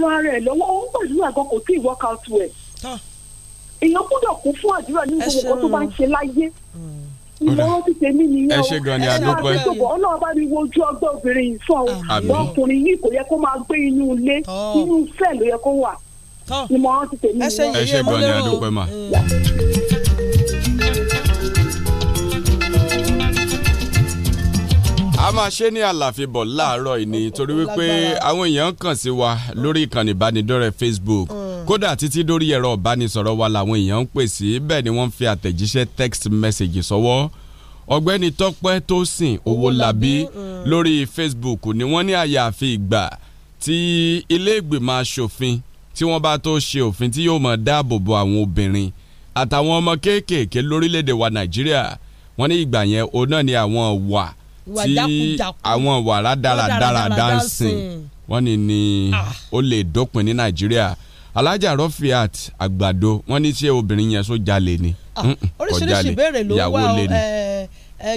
ran ara ẹ̀ lọ́wọ́ ó ń gbàdúrà gan kò tí ì work out well. èèyàn gbọ́dọ̀ kún fún àdúrà ní gbogbo tó bá ń ṣe láyé. Hmm. ìmọ̀ràn ti tèmi nìyẹn o ẹ ṣe gan ni àdúpẹ́. ọlọ́run bá mi wo ojú ọgbẹ́ obìnrin yìí fún ọ ọkùnrin yìí kò yẹ kó máa gbé inú ilé inú fẹ́ẹ̀ ló yẹ kó wà. ìmọ̀ràn ti tèmi nìyẹn o ẹ ṣe gan ni àdúpẹ́ mà. Hmm. a máa ṣe ní àlàfíbọ̀ láàárọ̀ ìní torí wípé àwọn èèyàn kàn sí wa lórí ìkànnì ìbánidọ́rẹ̀ẹ́ Facebook mm. kódà títí dórí ẹ̀rọ ìbánisọ̀rọ̀ wa làwọn èèyàn ń pè sí bẹ́ẹ̀ ni wọ́n fi àtẹ̀jíṣẹ́ text message sọ́wọ́ ọ̀gbẹ́ni Tọ́pẹ́ Tósìn labi mm. lórí Facebook ni wọ́n ní àyàfi ìgbà tí ilé ìgbìmọ̀ asòfin tí wọ́n bá tó ṣe òfin tí yóò máa dáàbò bo àwọn obìnrin àtàwọn ọmọ kéékèèké lórílẹ̀‐èdè wa Nàìjíríà wọ́n ní ìgbà yẹn òun náà ni àwọn wà tí àwọn wàrà dáradára dancing wọ́n ní ni ah. ó lè dópin ní nàìjíríà alájà Rọ́fíàt àgbàdo wọ́n ní ṣé obìnrin yẹn sọ jalè ni ah, oríṣiríṣi ìbéèrè ló wá ọ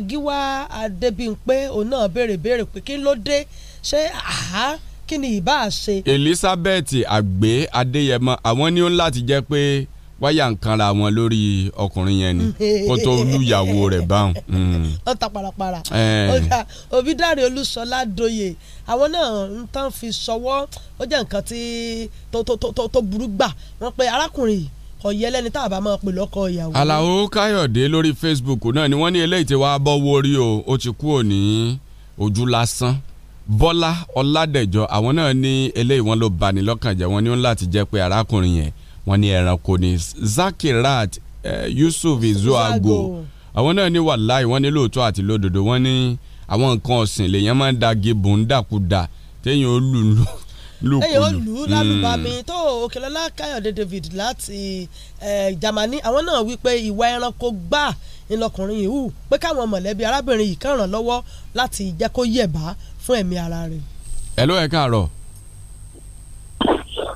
Gíwá Adébímpé òun náà béèrè béèrè pé kí ló dé ṣé àhá kí ni ìbá ṣe. Elizabeth àgbẹ̀ Adéyẹmọ àwọn ní ó láti jẹ́ pé. Pe wáyà nǹkan ra wọn lórí ọkùnrin yẹn ni kó tó lùyàwó rẹ̀ báwọn. Hmm. ó ta parapara Òbídàrè Olúṣọlá Dòyè àwọn náà ń tán fi ṣọwọ́ ó jẹ́ nǹkan tó burú gbà wọ́n pe arákùnrin yìí kò yẹ lẹni tá a bá máa pè lọ́kọ ìyàwó. Alao Káyọ̀dé lórí Facebook náà ni wọ́n ní eléyìí ti wá bọ́ wórí o ó ti kú òní ojú lásán Bọ́lá Ọládẹ̀jọ àwọn náà ní eléyìí wọn ló bani lọ́kàn jẹ́ wọn ní láti jẹ́ pé arákùnrin yẹn wọ́n ní ẹranko ni Zakirat Yusuf Izuago àwọn náà ní wàláì wọ́n ní lóòótọ́ àti lódodo wọ́n ní àwọn nǹkan ọ̀sìn lèèyàn máa ń da gebò ń dàkúdà téèyàn ó lù lù lùkulù ẹyọ lù ú lálùbami hmm. tó òkèlọ́lá káyọ̀dé david láti jamani àwọn náà wí ìwà ẹranko gbà ńlọkùnrin yìí hù pé káwọn mọ̀lẹ́bí arábìnrin yìí kàn ràn lọ́wọ́ láti jẹ́ kó yẹ̀bá fún ẹ̀mí ara rẹ̀. ẹ ló ẹ káàárọ̀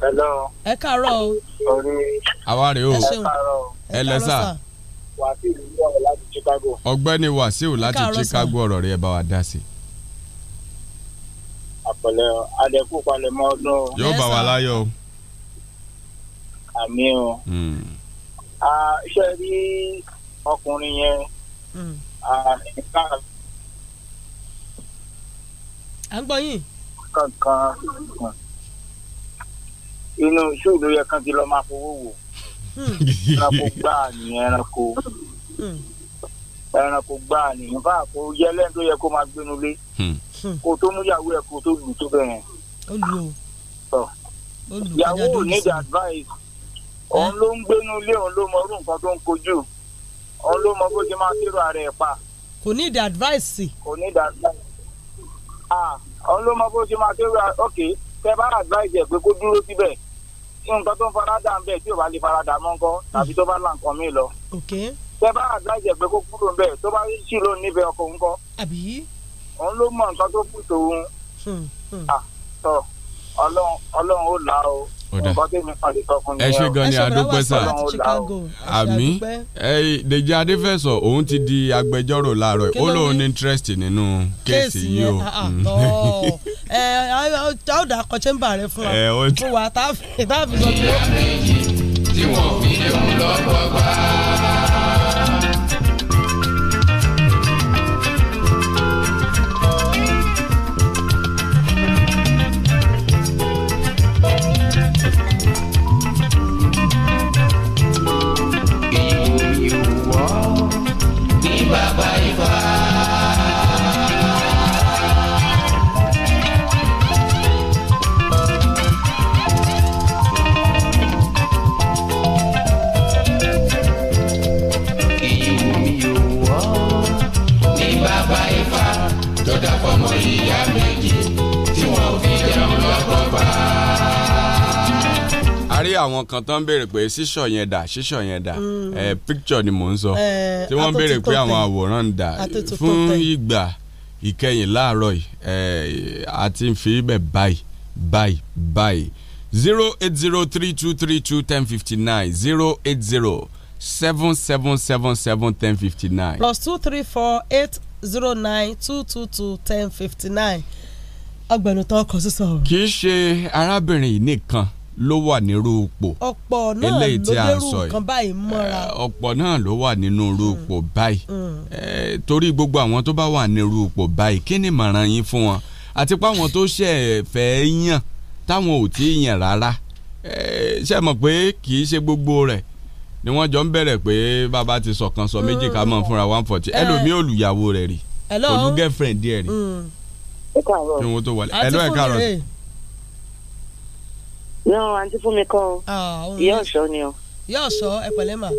hello. ẹ káàárọ̀ o. orí. àwa rèé o. ẹ káàárọ̀ o. ẹ lẹ́sà. wàsíù ló láti Chicago. ọ̀gbẹ́ni wàsíù láti Chicago ọ̀rọ̀ rẹ̀ ẹ bá wa dá sí. àpẹẹrẹ adẹkùn palẹ̀mọ́ ọdún. yóò bá wa láyọ̀ àmì o. iṣẹ́ hmm. rí ọkùnrin yẹn. Hmm. à ń gbọ́ yín. kankan inú ṣóò ló yẹ kán ti lọ́ọ́ máa fowó wò hmm. ẹranko gbáà ní ẹranko hmm. ẹranko gbáà ní nfa kò yẹ lẹ́yìn tó yẹ kó máa gbénu lé hmm. kó tó mú yàwó ẹ̀ kó tó lù tó bẹ̀rẹ̀. yàwó ò ní the advice òun ló ń gbénu lé òun ló mọ orú nǹkan tó ń kojú òun ló mọ bó ti máa kírò ara ẹ̀ pa. kò ní the advice. kò ní the advice. ah òun ló mọ bó ti máa kírò ara ok tẹ́ bá advice ẹ̀ pé kó dúró síbẹ̀ nǹkan tó ń farada ń bẹ̀ tí ò bá lè farada mọ́ nǹkan hmm. tàbí tó bá là nǹkan mi lọ. tẹ́ bá advice ẹ̀ pé kó kúrò ń bẹ̀ tó bá sì ló nífẹ̀ẹ́ ọkọ nǹkan. òun ló mọ nǹkan tó kù tòun. Hmm, hmm. àtọ ọlọ́run ó là o nǹkan tó mi pàdé sọ fún mi. ẹ ṣe gan ni àdúpẹ́ sà àmì Dèjì Adéfẹ̀sọ òun ti di agbẹjọ́rò láàárọ̀ ó lóun interest nínú kéèsì yìí o. ẹ a ó dà kọ chamber rẹ fún wa fún wa tá a fi sọ ti. tí wọ́n fi lè mú lọ́gbọ̀gbà. àwọn kan tó ń béèrè pé ṣíṣọ yẹn dà ṣíṣọ yẹn dà mm. ẹ píkṣọ ni mò ń sọ tí wọ́n béèrè pé àwọn àwòrán ń dà fún ìgbà ìkẹyìn láàárọ̀ yìí àti ń fi ibẹ̀ báyìí báyìí báyìí zero eight zero three two three two ten fifty nine zero eight zero seven seven seven seven ten fifty nine. plus two three four eight zero nine two two two ten fifty nine ọgbẹ̀nutọ́ ọkọ̀ sísọ. kì í ṣe arábìnrin yìí nìkan ló wà nírú ipò eléyìí tí a ń sọ yìí ọ̀pọ̀ náà ló wà nínú irú mm. ipò báyìí mm. torí gbogbo àwọn tó bá wà nírú ipò báyìí kí ni màrán yín fún wọn àti pé àwọn tó ṣẹ̀ fẹ́ yàn táwọn ò tí ì yàn rárá ṣe mọ̀ pé kì í ṣe gbogbo rẹ̀ ni wọ́n jọ ń bẹ̀rẹ̀ pé bàbá ti sọ̀kan sọ méjì ká mọ̀ mm. fúnra one forty ẹlòmíì olùyàwó rẹ̀ rí olùgẹ́fẹ̀rẹ̀ndì ẹ̀ rí. ẹ káàárọ̀ ẹ káàárọ̀ náà àǹtí fún mi kan ah, o ìyá ọ̀ṣọ́ ni o. ìyá ọ̀ṣọ́ ẹ pẹ̀lẹ́ mà.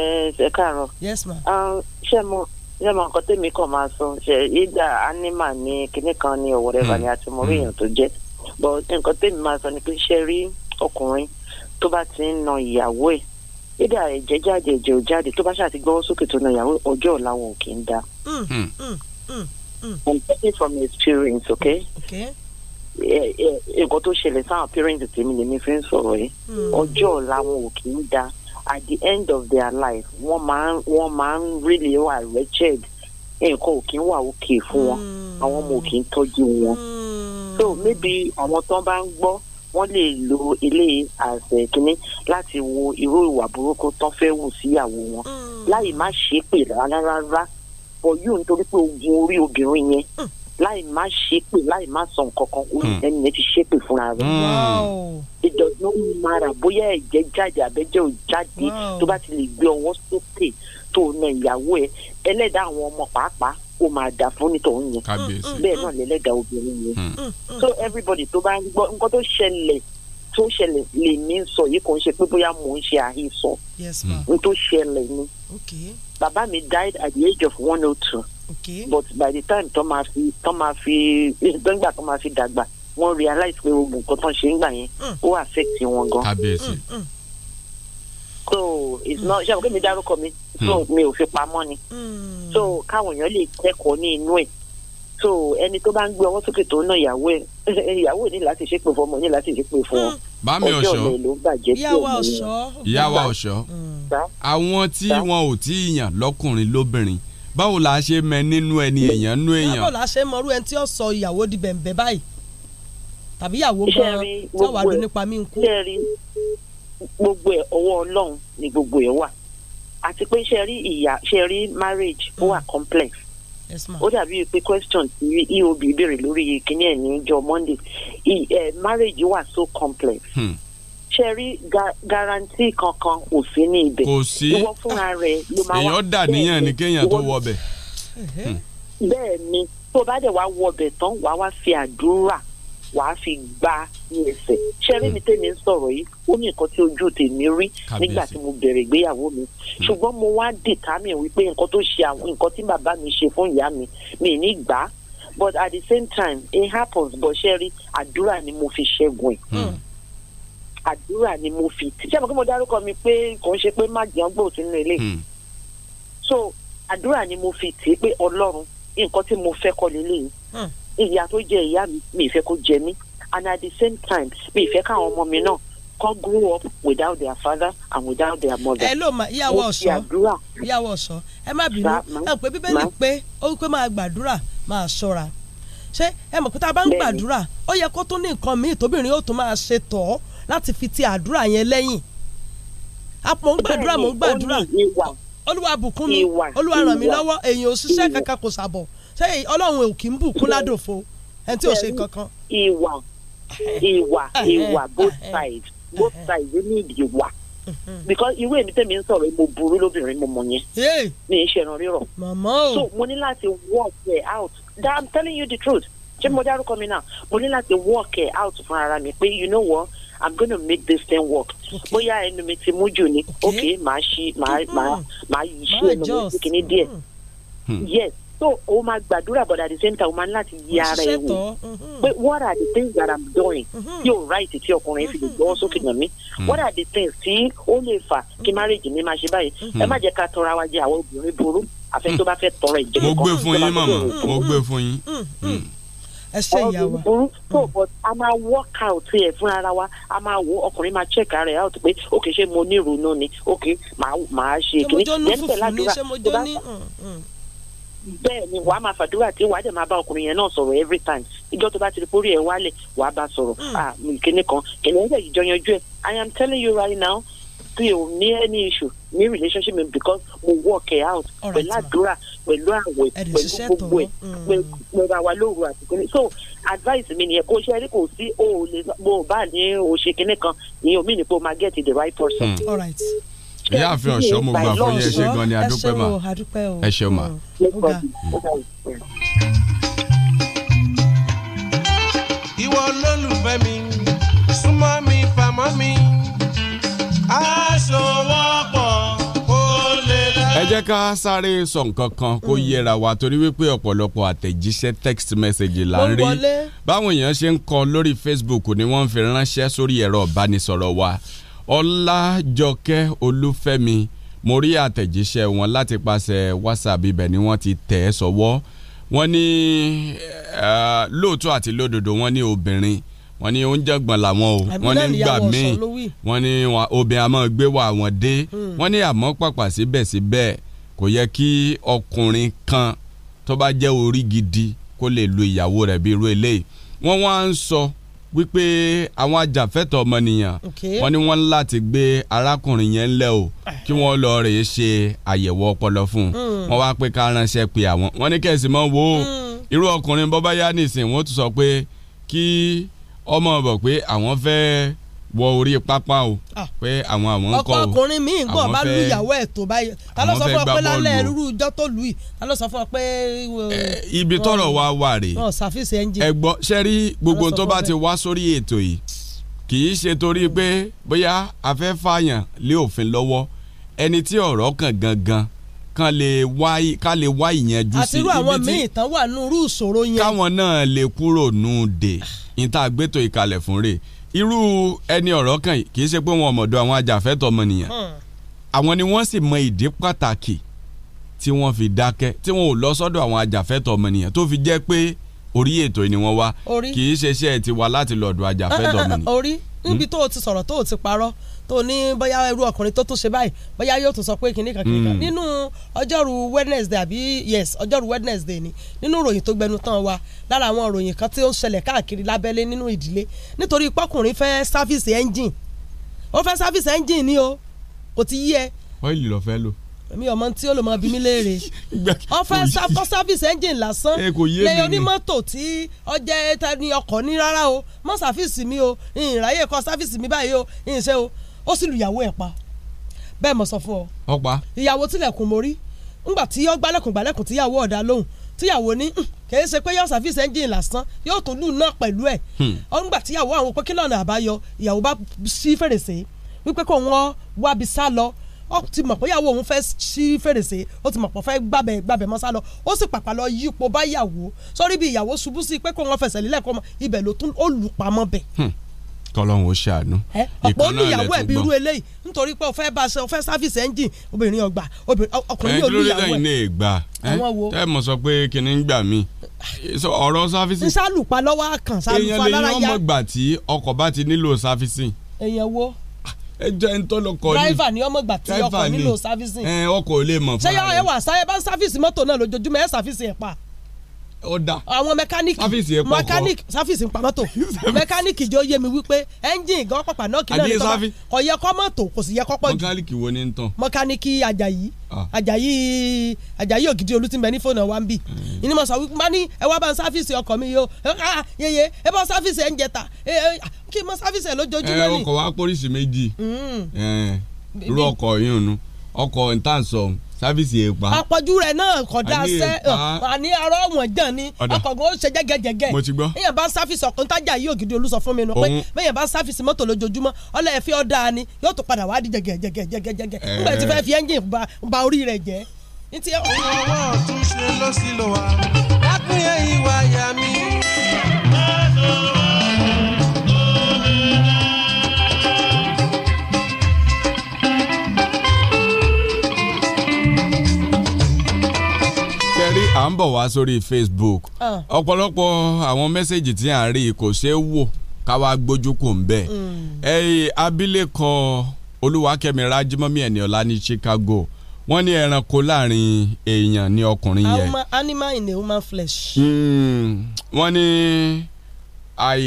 ẹ ẹ káàárọ̀. yes ma. Ah, ṣé mo ṣé mo nǹkan tèmi kàn máa sọ ṣe ìdá ánímà ni kinní kan ni o whatever hmm. ni àti mo rí èèyàn tó jẹ́ bọ̀ nǹkan tèmi máa sọ ni pé ṣe rí ọkùnrin tó bá ti ń na ìyàwó ẹ̀ ìdá ẹ̀jẹ̀ jáde ẹ̀jẹ̀ ò jáde tó bá ṣáà ti gbọ́wọ́ sókè tó na ìyàwó ọjọ́ ọ̀la wọn ò kì í da. Hmm, hmm, I'm talking from experience, okay? okay nǹkan tó ṣẹlẹ̀ sáwọn parents tèmi lèmi fi ń sọ̀rọ̀ yìí hmm. ọjọ́ ọ̀la ò kì í da at the end of their life wọ́n máa ń wọ́n máa ń really wà wretched nǹkan ò kì í wà òkè fún wọn hmm. àwọn ọmọ ò kì í tọ́jú wọn hmm. so maybe àwọn tán bá ń gbọ́ wọ́n lè lo ilé àṣẹ kínní láti wo irú ìwà burúkú tán fẹ́ wù síyàwó wọn láì má ṣe é pè rárá rárá for you nítorí pé ogun orí obìnrin yẹn láì má ṣépè láì má sọ nǹkan kan hmm. ẹni yẹn ti ṣépè fúnra rẹ̀ hmm. it does not matter bóyá ẹ̀jẹ̀ jáde àbẹ́jẹ́ ò jáde tó bá ti lè gbé ọwọ́ sókè tó na ìyàwó ẹ ẹlẹ́dàá àwọn ọmọ pàápàá ó máa dà fún nítorí yẹn bẹ́ẹ̀ náà lẹ́lẹ́dàá obìnrin yẹn hmm. so everybody tó bá ń gbọ́ nǹkan tó ṣẹlẹ̀ tó ṣẹlẹ̀ lè mí sọ yìí kò ń ṣe pé bóyá mò ń ṣe àhesọ n tó ṣẹlẹ̀ ni bàbá mi died at the age of one oh two okay. but by the time tó máa fi tó máa fi gbẹ́ngbà tó máa fi dàgbà wọ́n realize pé gbogbo nǹkan tó ń ṣe ń gbà yẹn hmm. ó affect wọn gan. kábíyèsí. Hmm, hmm. so it's not ṣé àbúkẹ́ mi dárúkọ mi so mi ò fi pamọ́ ni so káwọn èèyàn lè kẹ́kọ̀ọ́ ní inú ẹ̀ so ẹni tó bá ń gbé ọwọ́ sókè tó ń ná ìyàwó ẹ̀ ìyàwó ní láti ṣépè fún ọmọ ní láti ṣépè fún ọ. bámi ọ̀ṣọ́ ọjọ́ mi ló bàjẹ́ tí òun yẹn. ìyá wa ọ̀ṣọ́ àwọn tí wọn ò tí ì yàn lọ́kùnrin lóbìnrin báwo la ṣe mẹ nínú ẹni èèyàn nú èèyàn. báwo la ṣe mọrú ẹni tí ó sọ ìyàwó di bẹ̀m̀bẹ̀ báyìí tàbí ìyàwó gan-an táwa dún nípa mí ń kú. sẹ́ẹ̀rì gbogbo ẹ̀ ọwọ́ ọlọ́run ni gbogbo ẹ̀ wà àti pé sẹ́ẹ̀rì ìyà sẹ́ẹ̀rì marriage ó wà mm. complex ó dàbí pé question ti eob béèrè lórí kíní ẹ̀ ní jọ monday eh, marriage wà so complex. Hmm ṣe rí garanti kankan kò sí ní ibẹ̀. kò sí ìwọ fúnra rẹ ló máa wá. èèyàn dà níyàn ni kéèyàn tó wọbẹ̀. Hmm. bẹ́ẹ̀ ni tó bá dẹ̀ wá wọbẹ̀ tán wàá wá fi àdúrà wàá fi gbá ní ẹsẹ̀ ṣẹ́rí mi hmm. tèmi ń sọ̀rọ̀ yìí ó ní nǹkan tí ojú tèmi rí nígbà tí mo bẹ̀rẹ̀ ìgbéyàwó mi hmm. ṣùgbọ́n mo wá determine wípé nǹkan tó ṣe àwọn nǹkan tí bàbá mi ṣe fún ìyá mi mi ní gbà but at the same time it happens but ṣẹ́rí àdúrà ni mo fi ṣẹ́gun ẹ̀ àdúrà ni mo fi ṣé àmọ́ kí mo dárúkọ mi pé kò ń ṣe pé má jẹun gbòò sínú ilé hmm. so àdúrà ni mo fi tì í pé ọlọ́run nǹkan tí mo fẹ́ kọ́ lélẹ́yìn hmm. ìyá tó jẹ ìyá mi mi ìfẹ́ kó jẹ mí and at the same time mi ìfẹ́ káwọn ọmọ mi náà kọ́ grow up without their father and without their mother. ẹ ló ma ìyàwó ọ̀sọ́ ìyàwó ọ̀sọ́ ẹ má bínú ẹ pé bíbélì pé ó wípé máa gbàdúrà máa ṣọ́ra ṣé ẹ mọ̀ pé tá a bá ń gbàdúrà ó yẹ kó tún ní nǹkan míì tóbìnrin ó tún máa ṣe tọ̀ ọ́ láti fi ti àdúrà yẹn lẹ́yìn àpò ń gbàdúrà mò ń gbàdúrà olúwa bùkún mi olúwa ràn mí lọ́wọ́ èèyàn òṣìṣẹ́ kankan kò sàbọ̀ ṣé ọlọ́run ò kì í bùkún ládòfo ẹni tí ò ṣe kankan. ìwà ìwà ìwà both sides both sides We need ìwà because irú èmi tẹ̀mí ń sọ̀rọ̀ mo burú lóbìnrin mo mọ̀ yẹn mi ń ṣẹ̀ràn rírọ̀ so mo ní láti work it out that I'm telling you the truth ṣé mo dárúkọ mi náà mo ní láti work it out fún ara mi pé you know what i'm gonna make this thing work bóyá ẹnu mi ti mú jù ní ok màá ṣí màá màá hmm. màá ṣí ẹnu mi sí kìíní díẹ̀ hmm. Hmm. yes so o máa gbàdúrà but at the same time o máa ní láti yí ara ẹ wò pé what are the things that i'm doing tí o right tí ọkùnrin fi lè gbọ́ sókè yàn mí what are the things tí ó lè fà kí marriage mi máa ṣe báyìí ẹ má jẹ́ ká tọra wa jẹ àwọn obìnrin burú àfẹ́ tó bá fẹ́ tọrọ ìjẹ́ kan. mo gbé fún yín màmá mo gbé fún yín ẹ ṣe ìyá wa. òun tó hmm. but a máa work out yẹ fún ara wa a máa wo ọkùnrin máa check ara ẹ out pé ok ṣé mo ní ìrònú ni ok màá ṣe kìíní lẹ́ńtẹ̀ ládùúrà tó hmm, hmm. bá bẹ́ẹ̀ ni wàá máa fàdúrà tí wàá dẹ̀ máa bá ọkùnrin yẹn náà sọ̀rọ̀ every time ìjọ tó bá ti pórí ẹ̀ wálẹ̀ wàá bá sọ̀rọ̀ ah kinní kan kìnìún ẹ̀ ìjọ yanjú ẹ̀ I am telling you right now pé o ní any issue ní relationship mi because mo work it out pẹ̀lú àdúrà pẹ̀lú àwẹ̀ mm. pẹ̀lú gbogbo ẹ̀ pẹ̀lú àwa lóru àti kíni so advice mi nìyẹn kò ṣe rí kò sí o ò lè mo bá ní o ṣe kinní kan ní omi ní pé o máa get the right person. Mm. All right ìyá àfihàn ọ̀ṣọ́ mo gbà fún yẹn ṣe gan ni adúpẹ́ mà ẹ ṣeun mà. Mm. ìwọ olólùfẹ́ mi súnmọ́ mi fàmọ́ mi ẹ jẹ́ ká sáré sọ nǹkan kan kó hmm. yẹra wa torí wípé ọ̀pọ̀lọpọ̀ àtẹ̀jíṣẹ́ text message là ń rí báwọn èèyàn ṣe ń kọ lórí Facebook ni wọ́n ń fi ránṣẹ́ sórí ẹ̀rọ ìbánisọ̀rọ̀ wa Ọlájọkẹ́ Olúfẹ́mi mo rí àtẹ̀jíṣẹ́ wọn láti pàṣẹ WhatsApp ibẹ̀ ni wọ́n ti tẹ̀ ẹ́ sọ́wọ́ wọ́n ní lóòótọ́ àti lódodo wọ́n ní obìnrin wọ́n ní oúnjẹ gbọ̀n làwọn o wọ́n ní gbà míì wọ́n ní obìnrin àmọ́ gbé wà wọ́n dé hmm. wọ́n ní àmọ́ pàpà síbẹ̀síbẹ̀ kò yẹ kí ọkùnrin kan tó bá jẹ́ orí gidi kó lè lu ìyàwó rẹ̀ bí irú eléyìí wọ́n wá ń sọ wípé àwọn ajàfẹ́tọ̀ ọmọnìyàn wọ́n ní wọ́n láti gbé arákùnrin yẹn ńlẹ̀ o kí wọ́n lọ rèé ṣe àyẹ̀wò ọpọlọ fún un hmm. wọ́n wá pé ká ránṣẹ́ pé àwọn wọ́n ní kẹ̀sì wo hmm. irú ọkùnrin bọ́bá yá nìsín wọ́n tún sọ pé kí ọmọ bọ̀ pé àwọn fẹ́ẹ́ wọ orí pápá o ah. pé àwọn àwọn ń kọ́ o ọkọ ọkùnrin mi ń bọ̀ bá lu ìyàwó ẹ̀ tó báyìí ta ló sọ fún ọ pé lálẹ́ irú ijọ́ tó lù yìí ta ló sọ fún ọ pé. Eh, ibi tọrọ wa wà rè ẹ gbọ́ ṣe rí gbogbo tó bá ti wá sórí ètò yìí kì í ṣe torí pé bóyá a fẹ́ fààyàn lé òfin lọ́wọ́ ẹni tí ọ̀rọ̀ kàn gangan kan lè wá ká lè wá ìyẹn jù sí. àtirú àwọn míì tán wà nínú irú ìṣòro yẹn. káwọn náà lè kúrò nù dé níta gbẹ́tò ìkàlẹ̀ fún rè irú ẹni ọ̀rọ̀ kan kì í ṣe pé wọn ọmọdọ̀ àwọn ajàfẹ́tọ̀ ọmọnìyàn hmm. àwọn ni wọ́n sì mọ ìdí pàtàkì tí wọ́n fi dákẹ́ tí wọ́n ò lọ sọ́dọ̀ àwọn ajàfẹ́tọ̀ ọmọnìyàn tó fi jẹ́ pé orí ètò ni wọ́n wá kì í ṣe iṣẹ́ tiwa láti lọ́dọ̀ ah, ah, ah, ajàfẹ́tọ̀ ọmọnìyàn. orí níbi hmm? tó o ti sọ̀rọ̀ tó o ti parọ́ tó ní bóyá irú ọkùnrin tó tún ṣe báyìí bóyá yóò tún sọ pé kìnnìkan kìnnìkan hmm. nínú ọjọ́rú wednesday àbí yes ọjọ́rú wednesday ni nínú ìròyìn tó gbẹnu tán wa lára àwọn ìròyìn kan tí ó ń ṣẹlẹ̀ káàkiri lábẹ́lé nínú ìdílé nítorí pọ́kùnrin fẹ́ sáfíìsì ẹ́ńjìn ó fẹ́ sáfíìsì ẹ́ńjìn ni o kò ti yí ẹ. ọ́ìlì lọ fẹ́ lò mi ò tí ó lò mọ bí mi léèrè ọfẹ safọ service engine lásán lè onímọ́tò tí ọjẹ́ ẹ̀ta ni ọkọ̀ ní rárá o mọ́ sàfíìsì mi o ìrìnráyè kọ sáfíìsì mi báyìí o ìrìnṣẹ́ o ó sì lùyàwó ẹ̀ pa bẹ́ẹ̀ mo sọ fún ọ. ọ̀pá. ìyàwó tilẹ̀kùn mórí ńgbà tí ó gbálẹ̀kùn gbálẹ̀kùn tíyàwó ọ̀dà lóhùn tíyàwó ní hmm, kìí ṣe pé yóò ṣàfihàn ẹ́ńjìn lásán yóò tún lù náà pẹ̀lú ẹ̀. ọ̀ngbà hmm. tíyàwó àwọn pé kí lọ́nà àbáyọ ìyàwó bá ṣí fèrèsé wípé kó wọn wábi sá lọ ó ti mọ̀ pé ìyàwó òun fẹ́ ṣí fèrèsé ó ti mọ̀ pé fẹ́ gbàbẹ̀ gbàbẹ̀ mọ́ sá lọ ó sì pàpà lọ yípo bá ìyàwó sórí bí ìyàwó ṣubú sí pé kó wọn fẹsẹ̀ lílẹ̀ kó mọ ibẹ̀ ló tún ó lù pamọ́ bẹ̀. Hmm kọlọ́run ó ṣàánú. ọ̀pọ̀ ó ní ìyàwó ẹ̀ bí irú eléyìí nítorí pé ó fẹ́ bá ṣe ó fẹ́ service engine obìnrin ọgbà ọkùnrin yóò ní ìyàwó ẹ̀. ẹ̀dúró lẹ́yìn ní ìgbà tẹ́ mọ̀ sọ pé kìnìún ń gbà mí ọ̀rọ̀ service. ń sálùpá lọ́wọ́ àkàn sálùpá lára ya. èèyàn lè yan ọmọ gbà tí ọkọ̀ bá ti nílò service. èèyàn wo ah, ẹ jẹ́ ń tọ́lọ kọ́ ni driver ni ọmọ gbà tí ọkọ̀ nílò service. ọkọ̀ ò lè mọ̀ fún ara rẹ̀. ṣé ẹ wà sáyẹ bá ń service mọ́tò náà lójoojúmọ́ ẹ service ẹ̀ pa ọ̀dà àwọn mẹkáníìkì sáfíìsì ẹ̀ pọ̀ mẹkáníìkì sáfíìsì ń pa mọ́tò mẹkáníìkì jọ yé mi wípé ẹ́ńjìn gan pàpà náà kí náà ní tọ́ kò yẹ kọ́ mọ́tò kò sì yẹ kọ́ pọ̀ jù mẹkáníìkì wo ni ń tàn mẹkáníìkì Àjàyí ah. Àjàyí Àjàyí Ògidì Olútìmẹ ní fóònù wa ń bì hmm. ní mo sọ wípé má ní ẹ wá bá ń sáfíìsì ọkọ̀ mi yó ah, yeye ẹ bá sáfíìsì ẹ̀ ń jẹta ah, kí mo sáfíìsì ẹ̀ lójoojúmọ́ eh, ni. ẹ ọkọ̀ wa pólísì méjì hmm. eh, irú ọkọ̀ yìí ọkọ̀ ìtànsọ̀ sáfíìsì èèpà. àpọ̀jù rẹ̀ náà kọ̀dá sẹ́ àní arọ́ wọn jàn ni ó ṣe jẹ́gẹ́jẹ́gẹ́. mo ti gbọ́. èèyàn bá ń sáfíìsì ọkọ̀ ntajà yìí ògidì olùsọ fún mi nù pé bẹ́ẹ̀ bá ń sáfíìsì mọ́tò lójoojúmọ́ ọlọ́ ẹ̀fẹ́ ọ̀dà ni yóò tún padà wá di jẹ́gẹ́jẹ́gẹ́jẹ́gẹ́ nígbà tí fẹ́ẹ́ fi ẹ́ńjìn ba orí rẹ̀ jẹ́. ní ti à ń bọ̀ wá sórí Facebook ah. ọ̀pọ̀lọpọ̀ àwọn mẹ́sẹ̀gì tí à ń rí kò ṣeé wò káwa gbójú kò ń bẹ̀ mm. ẹ abilékọ Olúwakẹ́mi Rájímọ́mí Ẹniọlá ní Chicago wọ́n ní ẹranko láàrin èèyàn ní ọkùnrin yẹn. animal in the human flesh. Hmm. wọ́n ní I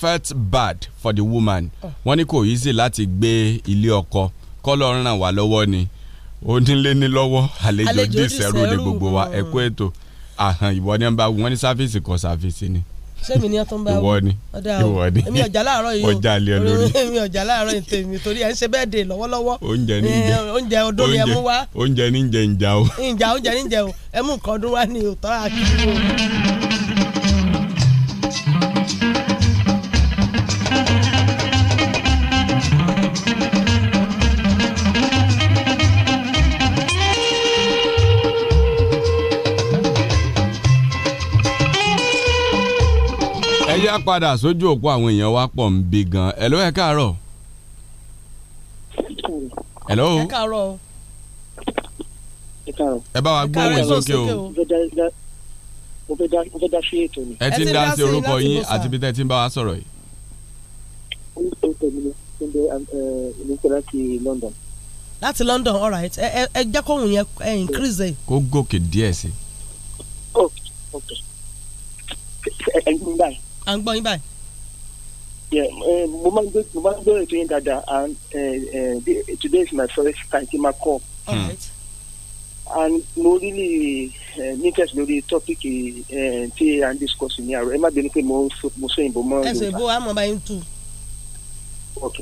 felt bad for the woman ah. wọ́n ní kò easy láti gbé ilé ọkọ kọ́lọ́ ràn wá lọ́wọ́ ni onílé ní àlejò dìsẹ́rù de gbogbo wa ẹ kú ètò àhàn ìwọ ni wọn bá wọn ní sáfíìsì kan sáfíìsì ni sẹ́mi ni ọtún bá wọ ìwọ ni ìwọ ni èmi ọ̀jà láàárọ̀ yìí o ọjà lé ẹ lórí èmi ọ̀jà láàárọ̀ yìí tèmi torí ẹ ń ṣe bẹ́ẹ̀ dè lọ́wọ́lọ́wọ́ oúnjẹ ní jẹ oúnjẹ ọdún ni ẹ mú wá oúnjẹ ní jẹ ìjà o ìjà oúnjẹ ní jẹ o ẹ mú nǹkan ọdún wá ní òótọ́ àkíkú o. padà sójú òpó àwọn èèyàn wa pọ̀ ń bi gan hello ẹ káàárọ̀. hello. ẹ káàárọ̀ o. ẹ bá wa gbóhùn sókè o. mo fẹ́ dá sí ètò mi. ẹ ti ń dá sí orúkọ yín àti bí tẹ́ ti ń bá wa sọ̀rọ̀ yìí. orúkọ tèmi ni sunday olùkọ́ láti London. láti London all right ẹ ẹ jẹ́ kóhùn yẹn ẹ increase. kó gòkè díẹ̀ sí. ok ok ẹ ẹ ń gbà yìí à ń gbọ́ yín báyìí. Eh, mo máa ń gbé mo máa ń gbé ètò yín dáadáa and uh, uh, today is my first time kí my call. kọ́ hmm. and mo really ní interest lórí topic tí à ń discuss ní àárọ̀ ẹ má bínú pé mo sọ ìbò mọ́. ẹ sọ ìbò àmọ́ bá yín tù. ok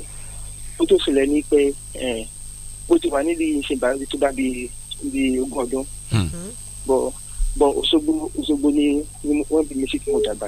ó tó ṣẹlẹ̀ ní pé bó ti wà nílé ìṣèǹbà tó bá bíi bíi ogún ọdún. bọ̀ hmm. hmm. bọ̀ Òṣogbo Òṣogbo ni wọ́n bí mi sí tí mo dàgbà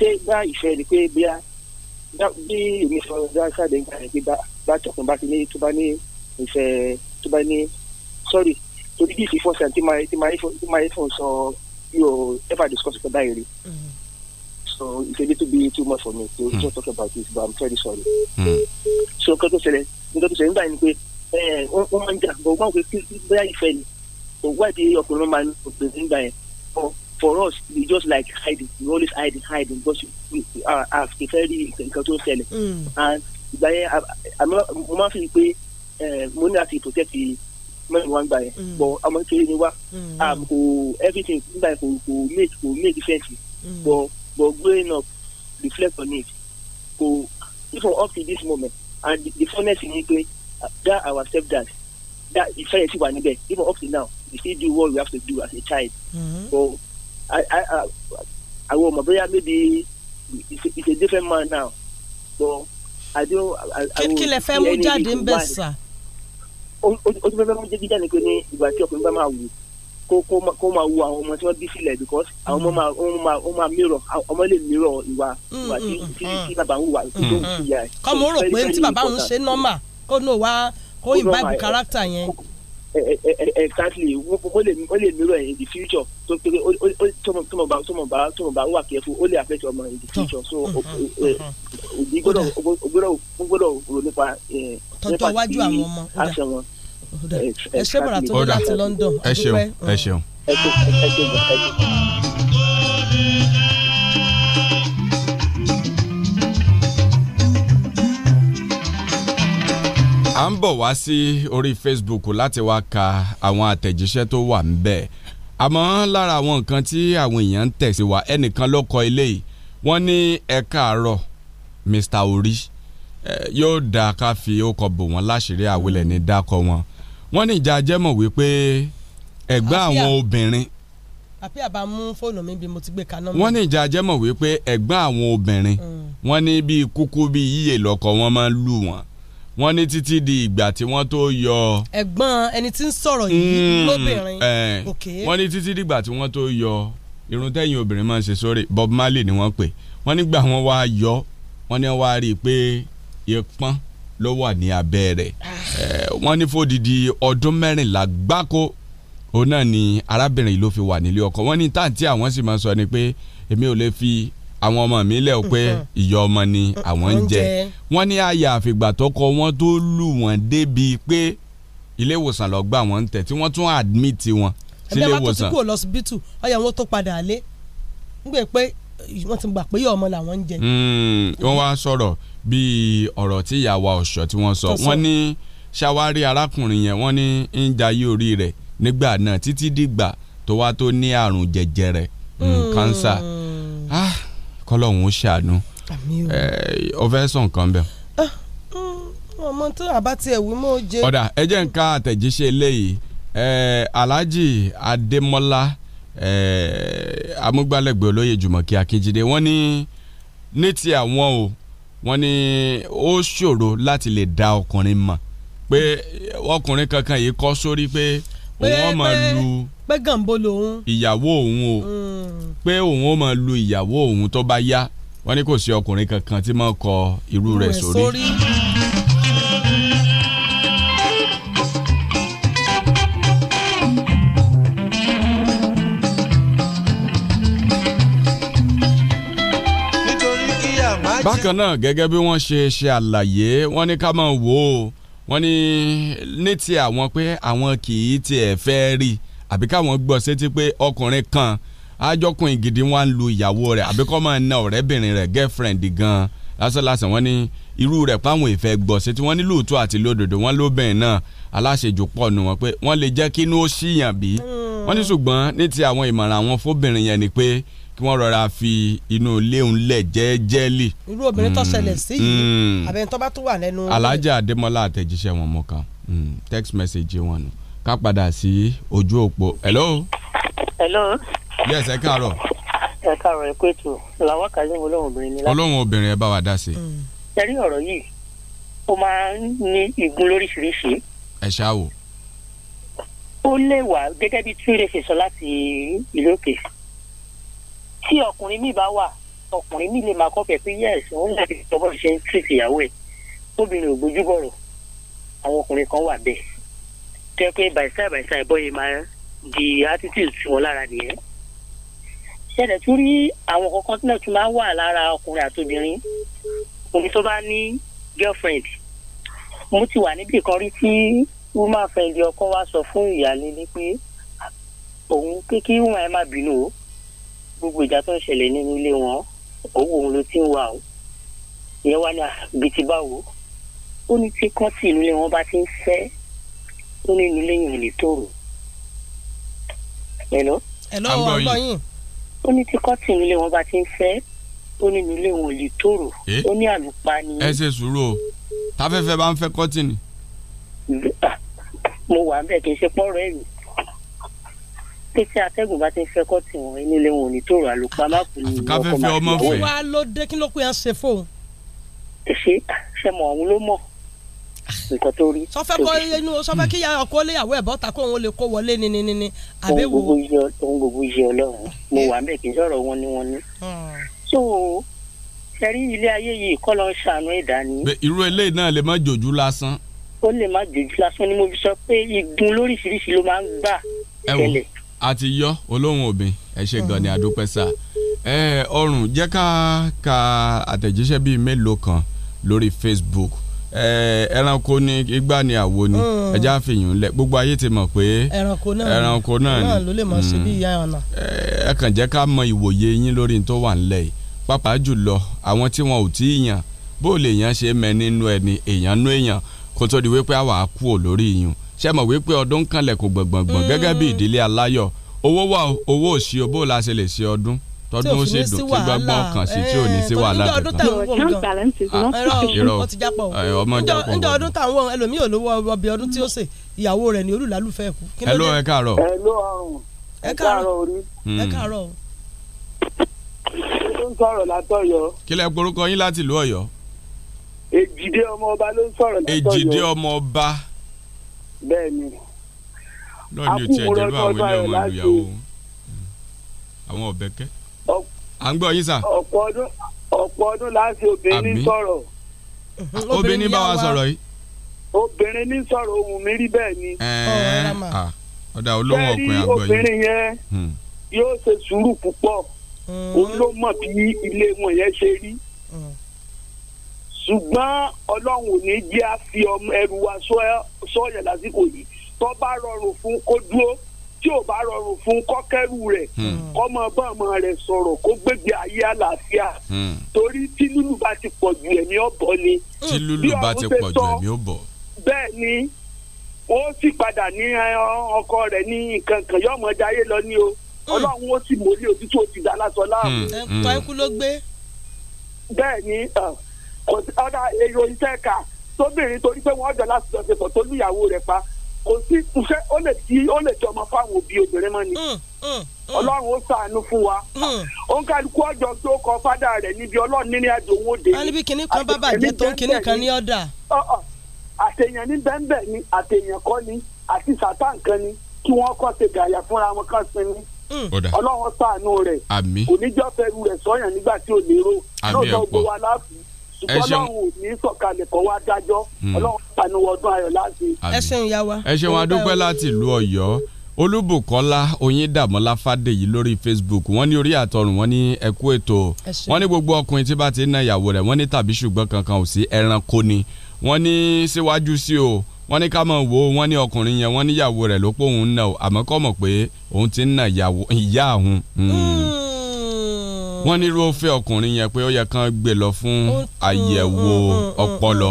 ṣé bá ìfẹ́ ni pé bí èmi sọ ṣáde ń gbàgbé pé bá tọkùn bá ti ní tó bá ní ìfẹ́ tó bá ní sorry torí bí ìfìfọ́ sàn tí máa iphone sọ yóò ever discuss pẹ̀lú báyìí rí so it's a little bit too much for me to mm. just talk about this but I'm very sorry. Hmm. so nǹkan tó ṣẹlẹ̀ nǹkan tó ṣẹlẹ̀ nígbà yẹn ni pé eh, wọ́n máa ń jà bọ̀ wọ́n pé bóyá ìfẹ́ ni òwúwàdí ọkùnrin máa ń pèsè nígbà yẹn for us we just like hiding we always hiding hiding because we are as a very nǹkan tó ń mm. and ìgbà yẹn mo máa fi pé eh, mo ní láti protect mẹ́rin wá ń gbà yẹn but ọmọ kékeré ni wá mm. ah, kò everything nígbà yẹn kò kò make kò make sense mm. but but growing up reflect on it kò even up to this moment and the, the funnest thing ni pé that our stepdad that ìfẹ́ yẹn sì wà even up to now we still do what we have to do as a child. Mm -hmm. but, I I àwọn ọmọ bóyá maybe it's a different man now So i don't. kí lè fẹ́ mú jáde ń bẹ̀ sà. ó tún fẹ́ fẹ́ mú jáde jáde pé ní ìgbà tí ọkùnrin bá máa wù kó máa wo àwọn ọmọ tí wọ́n bí sílẹ̀ because àwọn ọmọ máa wọ́n máa mìíràn ọmọ lè mìíràn ìwà ìwà tí tí bàbá ń wà tó ń fi yà. kọ́mọ rò pé tí bàbá ń ṣe nọ́mà kó ní wàá kó ìbáìbù káràkítà yẹn Eh, eh, eh, exactly ó lè ó lè mirror in the future tó pé tọmọ bá tọmọ bá tọmọ bá wà kẹfù ó lè affect ọmọ in the hmm. future so òbí hmm, hmm, gbọ́dọ̀ gbọ́dọ̀ gbọ́dọ̀ rò nípa nípa tí àṣẹ wọn. ẹ ṣé bàrà tó dé láti London. ẹ ṣeun ẹ ṣeun. ẹ ṣeun ẹ ṣeun. à ń bọ̀ wá sí orí Facebook láti wá ka àwọn àtẹ̀jíṣẹ́ tó wà ń bẹ̀ àmọ́ lára àwọn nǹkan tí àwọn èèyàn ń tẹ̀sí wa ẹnìkan ló kọ ilé yìí wọ́n ní ẹ káàárọ̀ Mr. Ori yóò dá ká fi ókọ bò wọ́n láṣìírí àwílẹ̀ ní dákọ̀ wọn wọ́n ní ìjà jẹ́mọ̀ wípé ẹ̀gbọ́n àwọn obìnrin àbí àbá mú fóònù mi bí mo ti gbé kaná. wọ́n ní ìjà jẹ́mọ̀ wípé ẹ̀gbọ́n àwọn obìnrin mm. wọ́n ní bíi kúkú bíi yíyè lọ́kọ wọn máa ń lù wọ́n wọ́n ní títí di ìgbà tí wọ́n tó yọ. ẹ̀gbọ́n ẹni tí ń sọ̀rọ̀ yìí hmm, lóbìnrin. Eh, wọ́n ní títí dìgbà tí wọ́n tó yọ irun tẹ́yìn obìnrin máa ń ṣe sórí Bob Marley ni wọ́n pè wọ́n nígbà wọ́n wá yọ wọ́n ní wọ́n wá rí i pé ìpọ́n ló wà ní abẹ́ rẹ̀ ah. eh, wọ́n ní fòdìdí ọdún mẹ́rìnlá gbáko òun náà ni arábìnrin yìí ló fi wà nílé ọkọ wọ́n ní táǹtí àwọn sì máa sọ ni pé èmi ò lè fi àwọn ọmọ mi lẹ́ o pé mm-hmm. ìyá ọmọ ni àwọn ń jẹ wọ́n ní àyà àfìgbà tọkọ wọn tó lù wọ́n débi pé ilé ìwòsàn lọ gbà wọ́n ń tẹ̀ tí wọ́n tún admit wọn sílé ìwòsàn. ẹgbẹ́ wa tó ti kúrò lọ́sibítù ọyà wọn tó padà lé ń pé wọ́n ti gbà pé ìyá ọmọ làwọn ń jẹ. Hmm, wọ́n wá sọ̀rọ̀ bíi ọ̀rọ̀ tí ìyàwó ọ̀ṣọ́ tí wọ́n sọ wọ́n ní ṣàwárí arákùnrin yẹn wọ́n ní ń jayé orí rẹ̀ nígbà náà títí dìgbà tó wá tó ní àrùn jẹjẹrẹ hmm, hmm. cancer. Ah, kọ́lọ́hún ó ṣàánú ọ̀fẹ́sàn kan bẹ́ẹ̀. Ah, mm, ọmọ tó àbátí ẹ̀ wí mọ́ jẹ́. ọ̀dà ẹ jẹ́ nǹkan àtẹ̀jíṣẹ́ eléyìí Alhaji Adémọ́lá amúgbálẹ́gbẹ̀ẹ́ olóyè Jùmọ̀kí Akínjídé wọ́n ní ní ti àwọn o wọ́n ní ó ṣòro láti lè dá ọkùnrin mọ̀ pé ọkùnrin kankan yìí kọ́ sórí pé òun ó máa lu pé gàǹbo lòun ìyàwó òun o hmm. pé òun ó lu ìyàwó òun tó bá yá wọ́n ní kò sí ọkùnrin kankan tí máa kọ irú rẹ̀ sórí. bákan náà gẹ́gẹ́ bí wọ́n ṣe ṣe àlàyé wọ́n ní ká máa wò ó wọ́n ní ní ti àwọn pé àwọn kì í tiẹ̀ fẹ́ rí àbí káwọn gbọ́ sétí pé ọkùnrin kan ajọkùnrin gidi wọn lu ìyàwó rẹ̀ àbí kọ́ máa na ọ̀rẹ́bìnrin rẹ̀ girlfriend gan lásánlásán wọ́n ní irú rẹ̀ páwọn ìfẹ́ gbọ́ sétí wọ́n ní lóòótọ́ àti lódodo wọ́n lóbìnrin náà aláṣejù pọ̀ nù wọ́n pé wọ́n lè jẹ́ kí inú ó ṣìyàn bí hmm. wọ́n ní ṣùgbọ́n ní ti àwọn ìmọ̀ràn àwọn fóbìnrin yẹn ni pé kí wọ́n rọra fi inú ilé òun lẹ̀ jẹ́ẹ́jẹ́lì. irú obìnrin tó ṣẹlẹ̀ sí yìí mm. àbẹ̀yìn tó bá tún wà lẹ́nu. alájà adémọlá àtẹ̀jíṣẹ́ wọn mọ̀ kan mm. text message wọn nù ká padà sí ojú òpó. hello. hello. yes ẹ káàárọ̀. ẹ káàárọ̀ ẹ kú ètò làwọn kàdéhùn olóhùn obìnrin ni. olóhùn obìnrin ẹ bá wa dá sí. Mm. ẹ rí ọ̀rọ̀ yìí ó máa ń ní igun lóríṣiríṣi. ẹ ṣáà wò. ó lè wà gẹ́gẹ́ bí túnde ṣe sọ láti ìlú òkè tí ọkùnrin mi bá wà ọkùnrin mi lè máa kọ́ pẹ̀pẹ́ yes òun láti tọ́bọ̀ ṣe ń treat ìyàwó ẹ̀ tóbìnrin ò gbójú bọ̀rọ̀ àwọn ọkùnrin kan wà bẹ́ẹ̀ tẹ́ pé by side by bọ́yìí máa di attitude tí wọ́n lára nìyẹn ṣẹlẹ̀ tún rí àwọn kankan tí náà tún máa wà lára ọkùnrin àtòbìnrin omi tó bá ní girlfriend mo ti wà níbì kan rí tí woman friend ọkọ wa sọ fún ìyáálé ni pé ah, òun kékeré wọn ẹ má bínú o gbogbo ìjà tó ń ṣẹlẹ̀ nínú ilé wọn owó òun ló ti ń wà o ìyẹn wá ní àbìtì ah, báwo ó ní tí kọ́ńtì inú ilé wọn bá ti ń fẹ́ ó ní inú ilé yìí ò ní tòrò. hello. hello ọgbọ́n yìí. ó ní tí kọ́ńtì inú ilé wọn bá ti ń fẹ́ ó ní inú ilé wọn ò ní tòrò ó ní àlùpà ni. ẹ ṣe sùúrù o táfẹ́fẹ́ bá ń fẹ́ kọ́ńtì ah, mo wà ń bẹ̀ kì í ṣe pọ́nrọ́ ẹ̀yìn pé tí atẹ́gùn bá ti ń fẹ́ kọ́ tiwọn inú ilé wọn ò ní tòrò àlòpàmà kù ní ọkọ̀ máa fi wọ́n. wá ló dé kí ló pé à ṣe fóun. ṣé ṣe mọ àwọn ló mọ nǹkan tó rí. sọfẹ kọ inú sọfẹ kí ọkọ léyàwó ẹ bọta kó òun lè kó wọlé ni ni ni ni àbẹ gbogbo yẹ Ọlọ́run mo wà mẹ kì í sọ̀rọ̀ wọn ni wọn ni. Hmm. so sẹ́rí ilé ayé yìí kọ́ ló ṣàánú ẹ̀dá ni. irú eléyìí náà lè má jòjú lásán. ó lè má jòjú lásán ni mo fi sọ pé igun lóríṣiríṣi ló máa ń gbà tẹ́lẹ̀ a ti yọ olóhùn obìn ẹ ṣe gan ni àdúpẹ́ sá ẹ ọrùn jẹ́ ká ka àtẹ̀jíṣẹ́ bíi mélòó kan lórí Facebook ẹranko eh, ni igbá ni àwo ni hmm. ẹja mm. fìyún lẹ gbogbo ayé ti mọ̀ pé ẹranko náà ẹranko náà ni ló lè mọ̀ sí hmm. bí ìyá ọ̀nà. ẹ kàn jẹ́ ká mọ ìwòye yín lórí tó wà ńlẹ̀ yìí pàápàá jùlọ àwọn tí wọn ò tí ì yàn bó lè yàn ṣe mẹ nínú ẹni èèyàn nú èèyàn kó tó di wípé àwa kú ò lórí yìnyín ṣe mọ̀ wípé ọdún kanlẹ̀ kò gbọ̀ngbọ̀ngbọ̀n mm. gẹ́gẹ́ bí ìdílé aláyọ̀ owó wà owó òsì obó la ṣe lè ṣe ọdún tọdún ó ṣe dùn tí gbọgbọ ọkàn sí tí ò ní eh, sí wàhálà kankan eh, irọ́ eh, ọmọ jápọ̀ ǹjẹ́ ọdún táwọn ohun ẹlòmíì ò lówó ọbẹ̀ ọdún tí ó ṣe ìyàwó rẹ̀ ní olùlálùfẹ́ kú. ẹ ló ẹ káàárọ̀. ẹ ló ọrùn ẹ káàárọ̀ orí. ẹ káàárọ̀ hmm. o. ló ń sọ̀rọ̀ látọ̀yọ́. kílẹ̀ gborúkọ yín láti ìlú Ọ̀yọ́. èjìdé ọmọ ọba ló ń sọ̀rọ̀ látọ̀yọ́. èjìdé ọmọ ọba bẹ́ẹ̀ ni náà ni o tiẹ̀ jẹ́rú àwọn ilé ọmọ ìlúyàwó hmm. àwọn ọ̀bẹ́kẹ́ à ń gbọ́ yín sà. ọ̀pọ̀ ọdún ọ̀pọ̀ ọdún la ṣe obìnrin sọ̀rọ̀. obìnrin bá wa sọ̀rọ̀ yìí. obìnrin ní sọ̀rọ̀ ohun mi rí bẹ́ẹ̀ ni. ọ̀dà olóhùn ọkùnrin àgbọ̀ yìí. obìnrin yẹn hmm. yóò ṣe sùúrù púpọ̀ hmm. òun bí ilé wọn yẹn ṣe rí ṣùgbọ́n ọlọ́run ò ní jẹ́ á fi ẹrù wa sọ́yàn lásìkò yìí tó bá rọrùn fún kó dúró tí ò bá rọrùn fún kọ́kẹ́rù rẹ̀ hmm. kọ́mọ bọ́ọ̀mọ rẹ̀ sọ̀rọ̀ kó gbégbé ayé àlàáfíà hmm. torí tí lùlù bá ti pọ̀ ju ẹ̀mí ọ̀bọ ni tí hmm. lùlù bá ti pọ̀ ju ẹ̀mí ọ̀bọ. bẹ́ẹ̀ ni ó sì padà ní ọkọ rẹ̀ ní nǹkan kan yọ̀ọ́ mọ̀ jayé lọ ní o ọlọ́run ó sì mọ̀lẹ́ òtútù ó ti dá lásán láàmú. ẹ̀ka ikú ló gbé. bẹ́ẹ̀ ni kò sí ọ̀dà ìròyìn tẹ́ka tóbìnrin torí pé wọ́n jọ láti jọ ṣepọ̀ tó lùyàwó rẹ̀ pa kò sí iṣẹ́ ó lè di ó lè di ọmọ fáwọn òbí obìnrin mọ́ ni mm, mm, mm. ọlọ́run ó ṣàánú fún wa òǹkàlùkù ọjọ́ tó kọ fádà rẹ̀ níbi ọlọ́run nínú àjò owó dé. wọ́n níbi kinní kan bábà jẹ́ tó kinní kan ní ọ̀dà. àtẹ̀yàn ní bẹ́ńbẹ́ ni àtẹ̀yàn kọ́ ni àti sátán kan ni kí wọ́n kọ́ ṣe gàyà fúnra wọn kan sinmi ọlọ́run ṣàánú rẹ̀ kò ní jọ́ fẹ́ rẹ̀ sọ́yàn nígbà tí ò lérò náà tó gbowó aláàfin ṣùgbọ́n ọlọ́run ò ní sọ̀kalẹ̀ kọ́ wá dájọ́ hmm. ọlọ́run pàánù ọdún ayọ̀ láti. ẹ ṣeun ya ẹ ṣeun adúpẹ́ láti ìlú ọ̀yọ́ olúbùkọ́lá oyíndàmọ́lá fàdèyí lórí facebook wọ́n ní orí àtọrùn wọ́n ní ẹkú ètò wọ́n ní gbogbo ọkùnrin tí bá ti na ìyàwó rẹ̀ wọ́n ní tàbí ṣùgbọ́n kankan ò sí ẹranko ni wọ́n ní síwájú sí o wọ́n ní ká mọ̀ wò wọ́n ní ọkùnrin yẹn wọ́n níyàwó rẹ̀ ló pòun ń nà o àmọ́ kọ́ mọ̀ pé òun ti ń nà ìyá òun. Hmm. Hmm wọ́n ní irúfẹ́ ọkùnrin yẹn pé ó yẹ kán gbé lọ fún àyẹ̀wò mm, mm, mm, ọpọlọ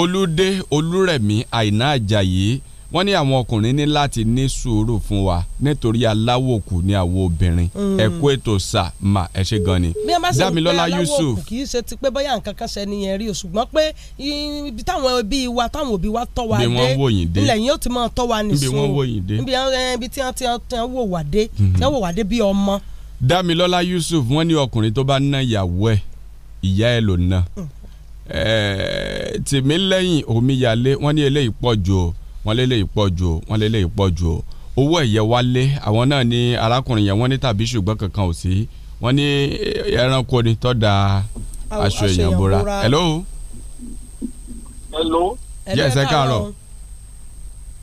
olúdé olúrẹ̀mí àìná àjàyí wọ́n ní àwọn ọkùnrin ní láti ní sùúrù fún wa nítorí aláwòkù ní àwọn obìnrin ẹ ètò sà mà ẹ ṣe gan ni. bí a máa sọ pé aláwòkù kì í ṣe ti pé bóyá nǹkan kan ṣẹni yẹn rí o ṣùgbọ́n pé ibi táwọn ẹbí wa táwọn òbí wa tọ́ wa dé ilẹ̀ yìí ó ti máa tọ́ wa nìṣó eh, ibi tí wọ́n wò wá dé mhm. tí wọ́n wò wá dé bí ọmọ damilola Yusuf wọ́n ní ọkùnrin tó bá ná ìyàwó ẹ̀ ìyá ẹ̀ ló ná hmm. eh, Tìmílẹ́yìn Omíyalé wọ́n ní eléyìí pọ̀ jù o wọ́n léléyìí pọ̀ jù o wọ́n léléyìí pọ̀ jù o owó ẹ̀yẹ wálé àwọn náà ní arákùnrin yẹn wọ́n ní tàbí ṣùgbọ́n kankan ò sí wọ́n ní ẹranko ni tó aṣọ èèyàn bora hello. hello. yes ẹ káàárọ̀.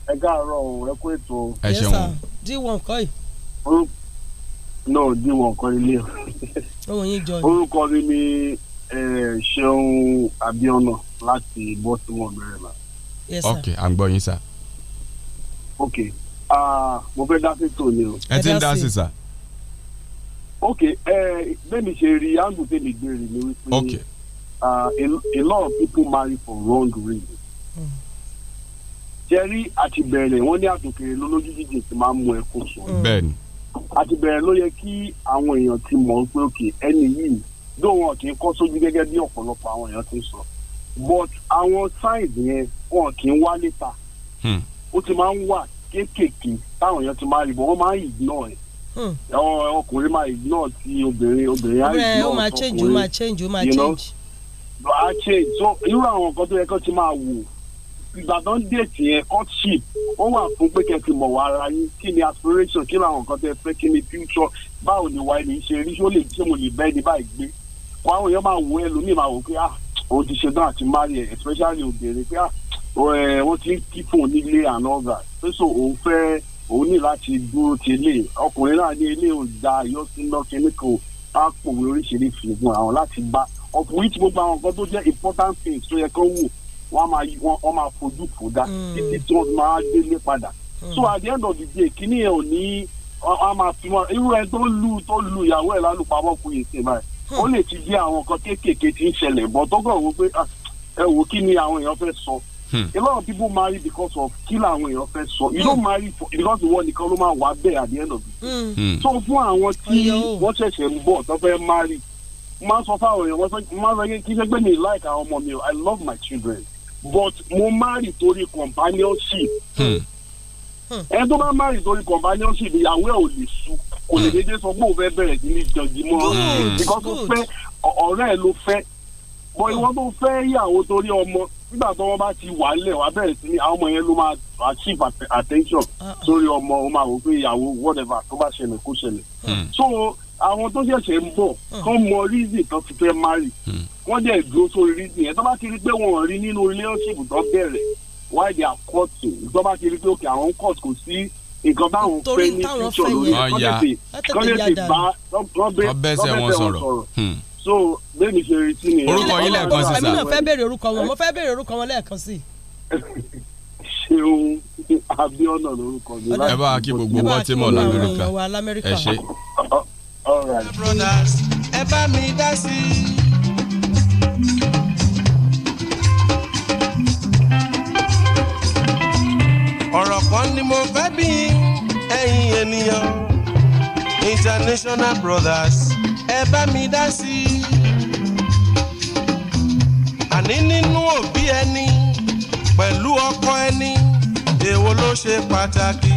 ẹ káàárọ̀ o ẹ kú ètò. ẹ ṣeun. d one kọ́ yìí náà díwọ̀n kan ilé orúkọ mi ni ṣeun abiona láti baltimore maryland. ok à ń gbọ́ yín sá. ok mo fẹ́ dá sí tòní o. ẹ ti ń dá sí sá. ok bẹ́ẹ̀ mi ṣe rí andrew tèmi gbèrè ni wípé a lot of people marry for wrong reasons. Mm jẹ́rí àti bẹ̀rẹ̀ wọ́n ní àtòkèrè lójú jíjìn tí máa ń mú ẹkún sọ. Hmm. bẹ́ẹ̀ni àti bẹ̀rẹ̀ ló yẹ kí àwọn èèyàn ti mọ̀ pé òkè ẹni yìí dóò wọn kì í kọ́ sójú gẹ́gẹ́ bí ọ̀pọ̀lọpọ̀ àwọn èèyàn ti sọ but àwọn signs yẹn wọn kì í wá létà hmm. ó ti máa ń wà kéékèèké táwọn èèyàn ti máa rí bọ́ wọ́n máa ń ignore ẹ̀ hmm. ọkùnrin máa ignore ti obìnrin obìnrin á ignore ọkùnrin ó máa change ó máa change ó máa change. irú àwọn nǹkan tó yẹ kó ti máa wò ìgbàdàn déètì yẹn courtship ó wà fún pé kẹ́ ti mọ̀ wá ara yín kí ni aspiration kí làwọn nǹkan tẹ́ fẹ́ kí ni future báwo ni wàá ẹni ṣe rí ṣó lè ṣé mo lè bẹ́ẹ̀ ní báyìí gbé wọn àwọn èèyàn máa wò ẹ lómi máa wò pé ah òun ti ṣetán àti marry ẹ especially obìnrin pé ah wọ́n ti ń kí fún onílé and all that pé so òun fẹ́ òun ní láti dúró ti ilé ọkùnrin náà ní ilé òjà yọsùnlọ kẹmíkò á pòwe oríṣiríṣi fún àwọn láti bá of which gbogbo àwọn nǹkan tó jẹ́ important things tó yẹ kó wù wọ́n máa wọ́n máa fojú fò dá hmm. títí tí wọ́n máa délé padà so hmm. at the end of the day kíní yẹn ò ní wọ́n máa fi wọn irú ẹ tó lu tó lu ìyàwó ẹ̀ lálùpàpọ̀ kù yìí sí báyìí hmm. ó lè ti jẹ́ àwọn kan kéékèèké tí ń ṣẹlẹ̀ bọ́ tó gbọ̀ pé ah, ẹ wò kí ni àwọn èèyàn fẹ́ sọ a lot of people marry because of kí làwọn èèyàn fẹ́ sọ you don't marry for, because ìwọ nìkan ló máa wà bẹ́ẹ̀ at the end of the day so fún àwọn tí wọ́n ṣẹ̀ṣẹ̀ ń bọ̀ tó fẹ́ marry máa sọ fáwọn èèyàn wọ́n sọ máa sọ kí ṣe pé mi like àwọn ọmọ mi I love my children but mo marry torí companionship. Hmm. Hmm. ẹni tó bá marry torí companionship ìyàwó ẹ̀ ò lè su kò lè hmm. dédé sọ pé òun fẹ́ bẹ̀rẹ̀ sí ní jọ̀gìmọ́ because ó fẹ́ ọ̀rẹ́ ẹ̀ ló fẹ́ bọ ìwọ tó fẹ́ ìyàwó torí ọmọ nígbà tí wọ́n bá ti wà lẹ̀ wá bẹ̀rẹ̀ sí ní àwọn ọmọ yẹn ló máa achieve attention sórí uh-huh. ọmọ ó máa wò pé ìyàwó whatever tó bá ṣẹlẹ̀ kó ṣẹlẹ̀ so àwọn tó ṣẹ̀ṣẹ̀ ń bọ̀ hmm. kán mọ reason tó ti fẹ́ marry hmm. wọ́n dẹ̀ dúró sórí reason yẹn tó bá ti rí pé wọ́n rí nínú relationship tó bẹ̀rẹ̀ why they are cut to tó bá ti rí pé òkè àwọn cut kò sí nǹkan báwọn fẹ́ ní future lórí kọ́lẹ́sì bá lọ́bẹ̀ẹ́sẹ̀ wọn sọ̀rọ̀ hmm. so bẹ́ẹ̀ ni ṣe retí nìyẹn. orúkọ yín lẹ́ẹ̀kan sí sá. èmi náà fẹ́ béèrè orúkọ wọn mo fẹ́ béèrè orúkọ wọn lẹ́ẹ̀kan sí ṣeun abiona lórúkọ mi. ẹ bá a kí gbogbo wọn tí mo lamẹríkà ẹ ṣe. All brothers ẹ bá mi dá sí ọ̀rọ̀ kan ni mo fẹ́ bí ẹ̀yin ènìyàn international brothers ẹ bá mi dá sí i. àní nínú òbí ẹni pẹ̀lú ọkọ ẹni èwo ló ṣe pàtàkì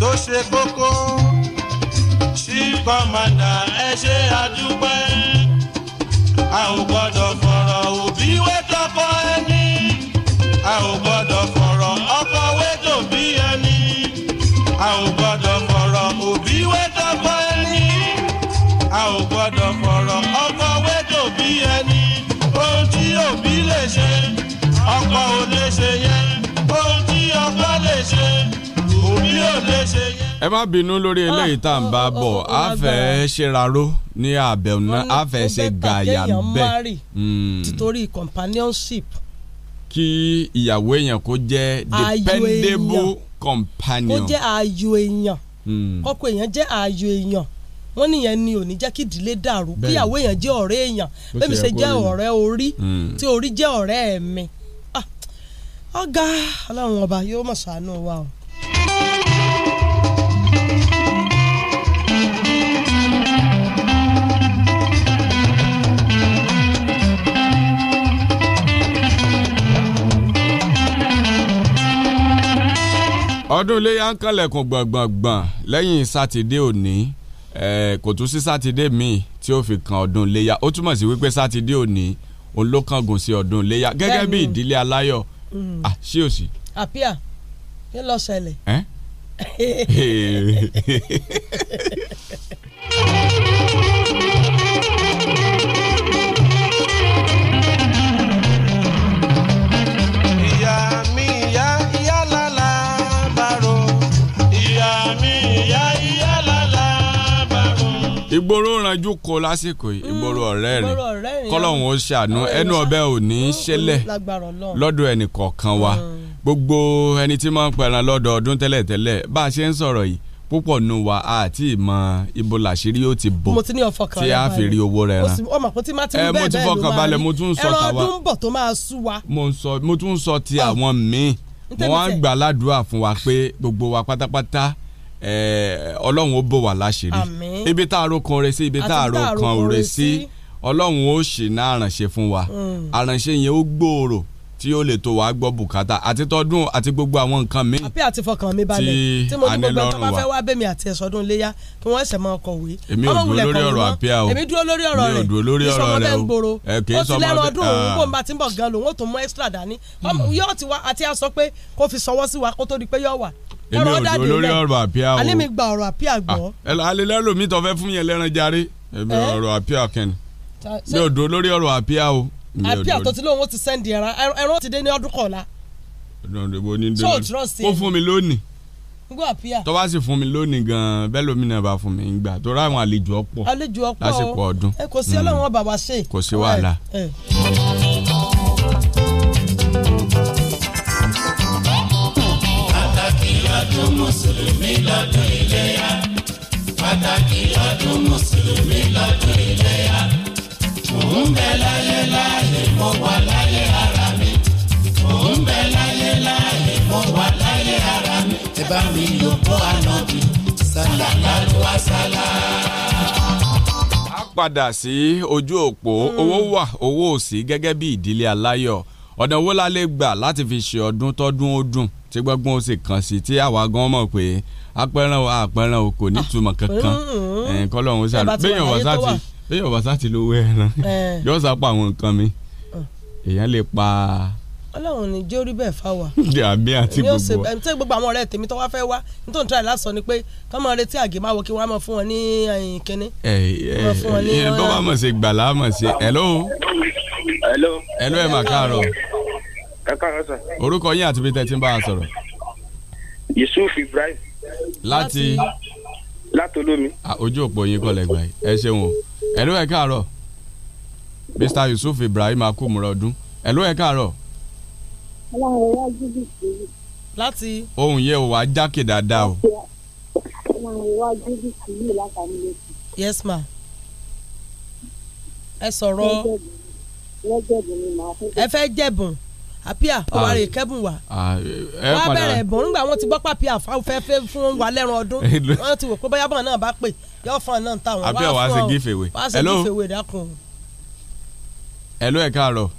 tó ṣe kókó chief commander ẹ ṣe àdúpẹ́ a ò gbọ́dọ̀ fọ̀rọ̀ òbí wé tọkọ ẹni a ò gbọ́dọ̀ fọ̀rọ̀ ọkọ wé tòbí ẹni a ò gbọ́dọ̀ fọ̀rọ̀ òbí wé tọkọ ẹni a ò gbọ́dọ̀ fọ̀rọ̀ ọkọ wé tòbí ẹni ohun tí òbí lè ṣe ọkọ ò lè ṣe yẹn ohun tí ọkọ lè ṣe òbí ò lè ṣe yẹn ẹ má bínú lórí ah, eléyìí tá à ń bá oh, oh, bọ̀ oh, a fẹ́ ṣèraró ní àbẹ̀wò a fẹ́ ṣe gàyà bẹ́ẹ̀. Hmm. títorí companionship. kí ìyàwó èèyàn kó jẹ́ dependable companion. kó jẹ́ ààyò èèyàn hmm. kọ́kọ́ èèyàn jẹ́ ààyò èèyàn wọ́n nìyẹn ni ò ní jẹ́ kí ìdílé dàrú kí ìyàwó èèyàn jẹ́ ọ̀rẹ́ èèyàn bẹ́ẹ̀ mi ṣe jẹ́ ọ̀rẹ́ orí hmm. tí orí jẹ́ ọ̀rẹ́ mi ah, ọ̀gá ọlọ́run ọba yóò mọ̀ ṣàánú wa o. ọdún iléyà ń kànlẹ̀kùn gbọ̀ngbọ̀ngbọ̀n lẹ́yìn sátidé òní kò tún sí sátidé míì tí ó fi kan ọdún iléyà ó túmọ̀ sí wípé sátidé òní òun ló kángun sí ọdún iléyà gẹ́gẹ́ bí ìdílé aláyọ̀ sí mm. òsì. àpíà kí ló ṣẹlẹ̀. ìgboro ranjú ko lásìkò yìí mm, ìgboro ọ̀rẹ́ rìn kọ́lọ́hún ó ṣàánú ẹnu ọbẹ̀ ò ní í ṣẹlẹ̀ lọ́dọ̀ ẹnì kọ̀ọ̀kan wa mm. gbogbo ẹni tí máa ń pẹran lọ́dọọdún tẹ́lẹ̀tẹ́lẹ̀ bá a ṣe ń sọ̀rọ̀ yìí púpọ̀ nù wá àti ìmọ̀ ibo làṣírí ó ti bò tí a fi rí owó rẹ̀ rán. ọmọ kò ti rí bẹ́ẹ̀ bẹ́ẹ̀ ló máa rí wa. mo tún sọ ti ah. àwọn míì mo wá ń gbà ládùúrà fún wa pé gbogbo wa pátápátá ọlọ́run ó bò wá láṣìírí ibi tá a rókan rẹ sí ibi tá a rókan òre sí ọlọ́run ó ṣì ná àrànṣe fún wa mm. àrànṣe yẹn ó gbòòrò tí ó lè tó wàá gbọ́ bùkátà àti tọdún àti gbogbo àwọn nǹkan mi. àbí àti fọkàn mi balẹ̀ tí mo ní gbogbo tó bá fẹ́ wá bẹ́mi àti ẹ̀sọ́dún léyà kí wọ́n ṣẹ̀ máa kọ̀wé. èmi ò dúró lórí ọ̀rọ̀ àpíà o èmi dúró lórí ọ̀rọ̀ rẹ̀ mi ò dúró lórí ọ̀rọ̀ rẹ̀ o kì ń gbòòrò ó ti lẹ́nu ọdún òun bó ń bá ti ń bọ̀ gan lòun ó tún mú extra dání hmm. yóò ti wá àti a sọ wa kó tó èmi ò dúró lórí ọ̀rọ̀ àpíà o alẹ́ mi gba ọ̀rọ̀ àpíà gbọ́. Ah, alẹ́ lẹ́rù mi tọ́ fẹ́ fún yẹn lẹ́ran jàre èmi eh? ọ̀rọ̀ àpíà kẹ́ni mi ò dúró lórí ọ̀rọ̀ àpíà o. àpíà tó ti lóun ó ti sẹ́ndì ẹran ẹran ti dé ní ọdún kọ̀ọ̀la. kó fún mi lónìí tó bá sì fún mi lónìí gan-an bẹ́ẹ̀ lómi náà bá fún mi gbà tó ráwọn àlejò ọ̀pọ̀ lásìkò ọdún eh, kò sí ọlọ́run hmm. bàbá ṣe kò sí wàhálà. Eh, ọdún mùsùlùmí lọ́dún iléyà pàtàkì ọdún mùsùlùmí lọ́dún iléyà mò ń bẹ láyé láàyè mo wà láyé ara mi mò ń bẹ láyé láàyè mo wà láyé ara mi ẹ bá mi yọ bọ́ ànábì sálàlálù àsálà padà sí ojú òpó owó hmm. wà owó òsì gẹ́gẹ́ bí ìdílé aláyọ̀ ọ̀nà owó la lè gbà láti fi ṣe ọdún tọ́dún ó dùn tí gbọ́ngbọ́n ó sì kàn sí tí àwa gan mọ̀ pé apẹran o apẹran o kò ní túmọ̀ kankan mm-hmm. kọ́lọ́hún ó sàlù bẹ́ẹ̀ yọ̀wọ̀ sáti sáti ló wẹ̀ ẹran eh. yóò sápá àwọn nǹkan mi mm. èèyàn lè pa ọlọ́run ní jó rí bẹ́ẹ̀ fáwa. ǹjẹ́ àmì àti gbogbo wa. ẹni tí gbogbo àwọn ọ̀rẹ́ tèmi tó wá fẹ́ wá ní tó ń tíra lásán ni pé kọ́ máa retí àgè máa wọ kí wọ́n máa fún wọn ní kínní. ẹ ẹ ẹ tó bá mọ̀ sí gbàlá mọ̀ sí hello. hello. hello ẹ̀ mà káàárọ̀ ẹ káàárọ̀ sà. orúkọ yín àti bíi ń bá a sọ̀rọ̀. yusuf ibrahim. láti. láti olómi. ojú òpó yín kọ́ lẹ́gbàá yìí ẹ ṣeun o ẹ̀lú ẹ̀ káàárọ̀ mr yusuf ibrahim akumurọdun ẹ̀lú ẹ̀ káàárọ̀. láti. ohun yẹn ò wá jákè dáadáa o. yes ma ẹ sọ̀rọ̀ ẹ fẹ́ jẹ̀bùn àpíà ọ̀rẹ́ ah, kẹ́bùn wa ah, wọ́n á bẹ̀rẹ̀ bọ̀ wọn ti gbọ́ pàpíà fẹ́fẹ́ fún wa lẹ́ran ọdún wọ́n ti wò pé bóyá bọ́ọ̀ náà bá pè yọ fún ọ náà táwọn wá fún ọ wá sí gífèwé dákun. hello ẹ káàárọ̀.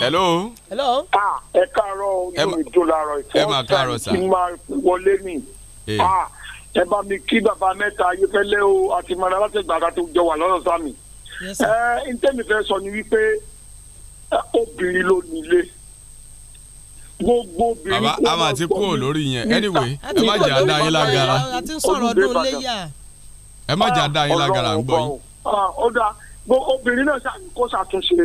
hello. hello. Ah ẹ káàárọ̀ yóò jó láàárọ̀ ìfọwọ́sàn tí máa wọlé nì eh. ah, ẹ bá mi kí bàbá mẹ́ta ayéfẹ́lẹ́ o àti mara láti gbàgbà tó jọ wà lọ́dọ̀ sami ẹ eh, n tẹ́mi fẹ́ sọ ni wípé obìnrin ló nílé gbogbo obìnrin kó máa gbọ́ mi. àwa àti kúrò lórí yẹn anyway ẹ má jà dá yín lágara ẹ má jà dá yín lágara ń gbọ́ yín. Ah, ó dáa obìnrin náà kó ṣàtúnṣe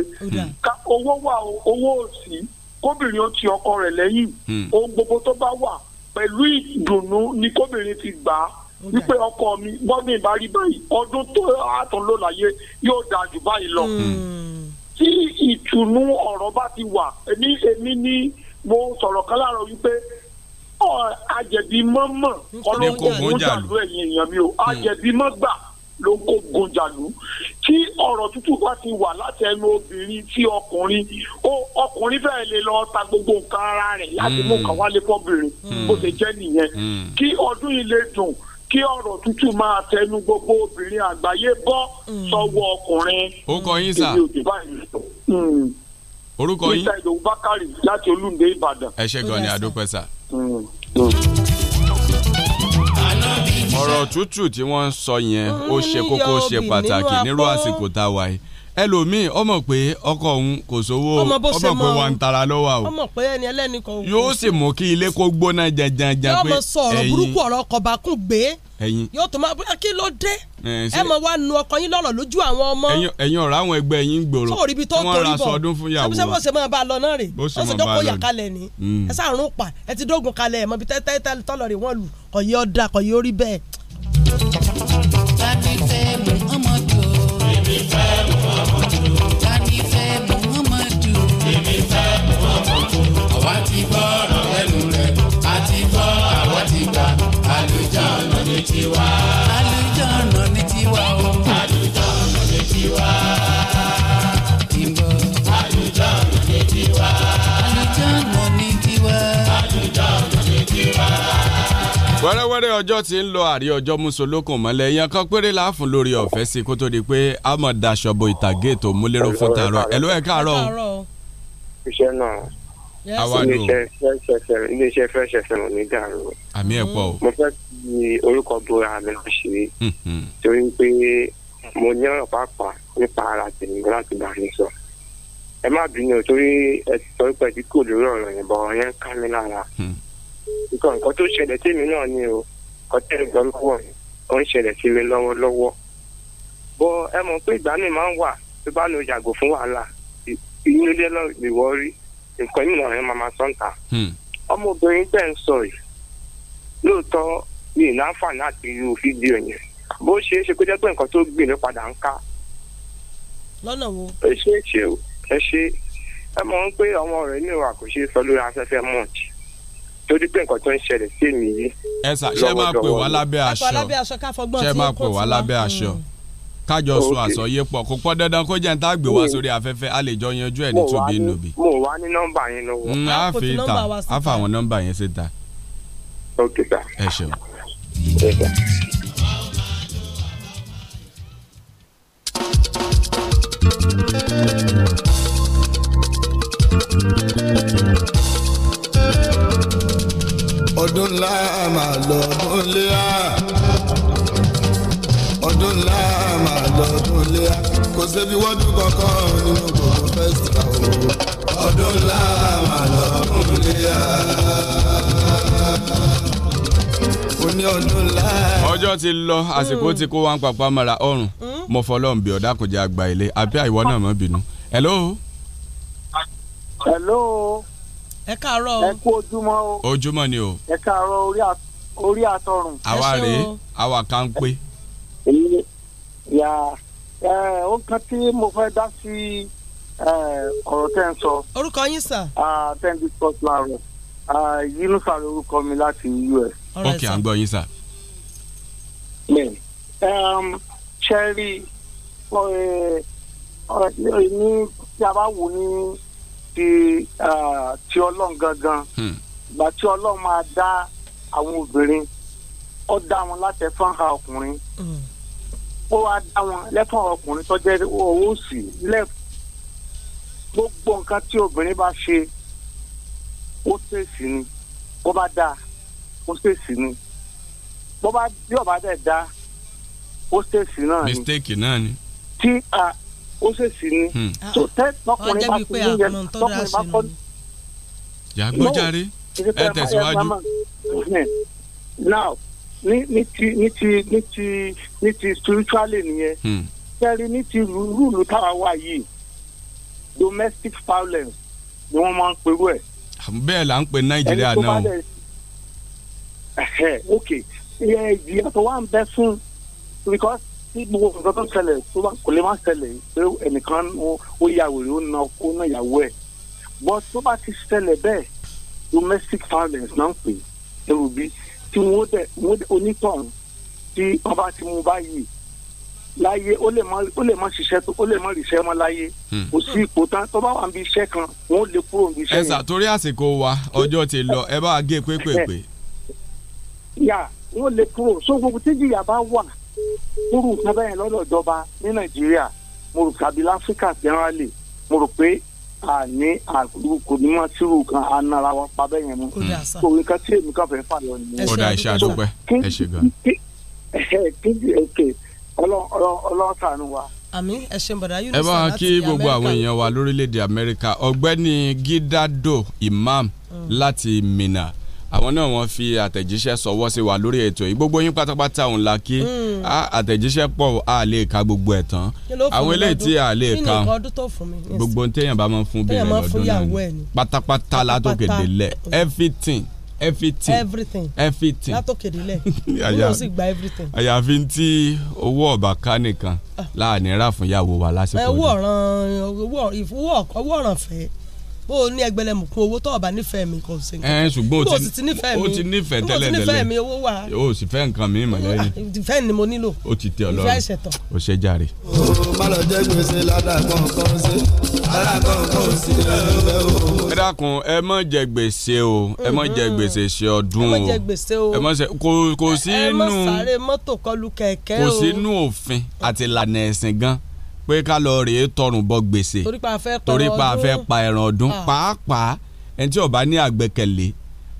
owó wà owó òsì kóbìnrin ó ti ọkọ rẹ̀ lẹ́yìn hmm. ohun gbogbo tó bá wà pẹ̀lú ìdùnnú ni kóbìnrin ti gbà á wípé ọkọ mi bọ́dún ìbárí báyìí ọdún tó àtún ló láyé yóò dáa jù báyìí lọ. Hmm. tí ìtùnú ọ̀rọ̀ bá ti wà èmi èmi ni mo sọ̀rọ̀ kan láàárọ̀ wípé àjẹbí mọ́ mọ́ ọlọ́run kò mú jàdú ẹ̀yìn èèyàn mi o àjẹbí hmm. mọ́ gbà ló ń kó gunjàlù tí ọ̀rọ̀ tútù bá ti wà láti ẹnu obìnrin tí ọkùnrin ó ọkùnrin fẹ́ẹ́ lè lọ ta gbogbo nǹkan ara rẹ̀ láti mú mm. kàn wálé fọ́bìnrin mm. bó ṣe jẹ́ nìyẹn mm. kí ọdún yìí lè dùn kí ọ̀rọ̀ tútù máa tẹnu gbogbo obìnrin àgbáyé bọ́ sọ́wọ́ ọkùnrin èmi ò dé báyìí orúkọ yín mr idowu bakari láti olúndé ìbàdàn. ẹ ṣé gan ni a dúpẹ́ sà ọ̀rọ̀ tútù tí wọ́n ń sọ yẹn ó ṣe kókó ṣe pàtàkì nírú àsìkò tá a wà yìí ẹlòmíì ọmọ pé ọkọ òun kò sówó ọmọ pé wà ń tara lọ́wọ́ o ọmọ pé ẹni ẹlẹ́ni kan òun yóò sì mú kí ilé kó gbóná janjanjan pé ẹ̀yin yóò mọ sọ ọ̀rọ̀ burúkú ọ̀rọ̀ kọ̀bákùn gbé ẹ̀yin yóò tó máa bóyá kí ló dé ẹ mọ wá nu ọkọ yín lọ́rọ̀ lójú àwọn ọmọ ẹ̀yin ọ̀rọ̀ àwọn ẹgbẹ́ yín gbòòrò sóòrì ibi tó torí bọ̀ ọdún fún yàwó máa bá a lọ náà rè ó sì dọ́kọ̀ yà kalẹ̀ ni mm. ẹ sàrún ẹ ti ọjọ́ ti ń lọ àrí ọjọ́ mùsùlùkùn mọ́lẹ̀ èèyàn kan péré láàfún lórí ọ̀fẹ́ sí kó tó di pé a mọ̀ daṣọ bo ìtàgé tó múlẹ́rọ fún tààrọ̀ ẹ̀ ló ẹ̀ káàárọ̀ o. iṣẹ́ náà iléeṣẹ́ fresh fm ò ní dàrú. àmì ẹ̀ pọ̀ o. mo fẹ́ fi orúkọ bora mi náà ṣe hmm, hmm. torí pé mo ní ọ̀rọ̀ pàápàá nípa ara tèmi láti bá mi sọ ẹ má bínú torí ẹ sọ pé tí kò lórí ọ̀rọ̀ yẹn bọ̀ yẹn ká mi lára hmm. nǹkan nǹkan tó ṣẹlẹ̀ tèmi náà ni o. ọtẹ́ ìgbọ́lọ́wọ́ e hmm. ọ ń ṣẹlẹ̀ sí mi lọ́wọ́lọ́wọ́ bọ́ ẹ mọ̀ pé ìgbà mi máa ń wà tó bá yàgò fún wàhálà ìwọ rí nǹkan máa ọmọbìnrin ń sọ yìí lóòótọ́ mi ì àti irú fídíò yẹn bó ṣe é ṣe pé nǹkan tó gbìn padà ń ṣe é ṣe ṣe Ẹ mọ̀ pé ọmọ rẹ̀ ní ìwà kò ṣe é sọ torí pé nǹkan tó ń ṣẹlẹ̀ sí èmi ẹ sà ṣe máa pè wá lábẹ́ aṣọ ṣe máa pè wá lábẹ́ aṣọ kájọ sun àsọyé pọ̀ kò pọ̀ dandan kó jẹ́ ń tá gbé wá sórí afẹ́fẹ́ a lè jọ yanjú ẹ̀ ní tùbí nùbí. mo wá ní nọ́mbà yín lọ́wọ́. Mm, a fi ta a fa àwọn nọ́mbà yẹn síta. ok sir. ẹ ṣeun. ńlá máa lọ ọdún léa ọdún ńlá máa lọ ọdún léa kò sébi wọ́dún kankan nínú gbogbo fẹ́sítà o ọdún ńlá máa lọ ọdún léa ní ọjọ́ ti lọ àsìkò tí kó wá ń papá mara ọrùn hmm? mo fọlọ́run bí ọ̀dà kò jẹ́ àgbà ilé àbí àìwọ́ náà mọ́ bínú. hello. hello ẹ káàárọ̀ o. ẹ kú ojúmọ́ o. ojúmọ́ ni o. ẹ káàárọ̀ orí àtọrùn. àwa rèé àwa kan pé. o, ẹ ó kan tí mo fẹ́ dá sí ọ̀rọ̀ tẹ́ ń sọ. orúkọ yín sà. ten discuss láàárọ̀ yínúfà lórúkọ mi láti us. ok à ń gbọ́ yín sà. ṣe rí ní tí a bá wò ní ti ti ọlọ́run gangan hmm. ìgbà tí ọlọ́run máa dá àwọn obìnrin ó dá wọn láti ẹ̀fọn ha ọkùnrin hmm. ó wá dá wọn lẹ́fọn ọkùnrin tó jẹ́ owó sí lẹ́f gbogbo nǹkan tí obìnrin bá ṣe ó ṣèṣì ni bó bá dáa ó ṣèṣì ni bí ọba dẹ̀ dáa ó ṣèṣì náà ni mistake náà ó sì sí ni. Hmm. so tẹ tọkùnrin bá fi yín yẹn tọkùnrin bá kọ́. yàgbọ́járe ẹ tẹ̀síwájú. now ní ní ti ní ti ní ti ní ti spiritually nìyẹn. kẹ́rin hmm. ní ti rúùlù táwa wà yìí domestic violence ni wọ́n máa ń perú ẹ̀. bẹ́ẹ̀ la ń pe nàìjíríà náà. ok ìyá ìjìyà tó wà ń bẹ fún because tí gbogbo nǹkan tó ṣẹlẹ̀ tó bá kò lè má ṣẹlẹ̀ pé ẹnìkan ó ya wèrè ó na ó na ìyàwó ẹ̀ bọ́ tó bá ti ṣẹlẹ̀ bẹ́ẹ̀ domestic violence náà ń pè é rúbí tí wọ́n dẹ̀ onítọ̀hún tí wọ́n bá ti mú báyìí láyé ó lè má ó lè má ṣiṣẹ́ tó ó lè má ríṣẹ́ mọ́ láyé kò sí ipò tán tó bá wà níbi iṣẹ́ kan wọ́n lè kúrò níbi iṣẹ́ yẹn. ẹ sà àsìkò wa ọjọ́ ti lọ ẹ bá wa gé pépèpè. yà wọ́n lè kúrò so tíjì yà bá wà fúrú nǹkan bẹ́ẹ̀ lọ́dọ̀ ìjọba ní nàìjíríà mo rò tàbí láfíríkà generally mo rò pé a ní kò ní máa sírù kan a nara wa pa bẹ́ẹ̀ yẹn mu so nǹkan tí èmi kan fẹ́ fà lọ nìyẹn. ó dà iṣẹ́ àdúgbẹ́ ẹ ṣe gan. kíndì èké ọlọ́sàánú wa. àmì ẹ̀ṣẹ̀ bọ̀dá yóò sọ láti amẹ́ríkà. ẹ bá kí gbogbo àwọn èèyàn wa lórílẹ̀‐èdè amẹ́ríkà ọ̀gbẹ́ni gidado imam mm. láti mina àwọn náà wọ́n fi àtẹ̀jíṣẹ́ sọwọ́ sí wa lórí ètò yìí gbogbo yín pátápátá òun la kí mm. àtẹ̀jíṣẹ́ pọ̀ a lè ka gbogbo ẹ̀ tán àwọn eléyìí tí a lè ka gbogbo téèyàn bá máa fún bẹ́ẹ̀ lọ́dún náà pátápátá látòkè délẹ̀ everything everything everything everything látòkè délẹ̀ mo sì gba everything. àyàfi tí owó ọ̀bà ká nìkan ah. láàánú rà fún ìyàwó wa lásìkò yìí. owó ọ̀ràn owó ọ̀ràn fẹ́ẹ́ bó o ní ẹgbẹ̀lẹ̀mùkún owó tó ọba nífẹ̀ẹ́ mi kò sí nǹkan. ẹ ṣùgbọ́n o ti nífẹ̀ẹ́ mi o ti nífẹ̀ẹ́ tẹ́lẹ̀ tẹ́lẹ̀ o sì fẹ́ nǹkan mi mọ̀ lẹ́yìn. ìfẹ́ ni mo nílò o ti tẹ ọlọ́run ìfẹ́ ìṣẹ̀tọ̀. o ṣe jàre. ẹ dákun ẹ má jẹ gbèsè o ẹ má jẹ gbèsè ṣe ọdún o ẹ má jẹ gbèsè o ẹ má ṣe kò sínú kò sínú òfin àti ìlànà ẹ̀sìn gan pé ká lọ rèé tọrùn bọ gbèsè torí pa fẹ́ pa ẹran ọdún ah. pàápàá ẹni tí ó bá ní àgbẹ́kẹ̀lé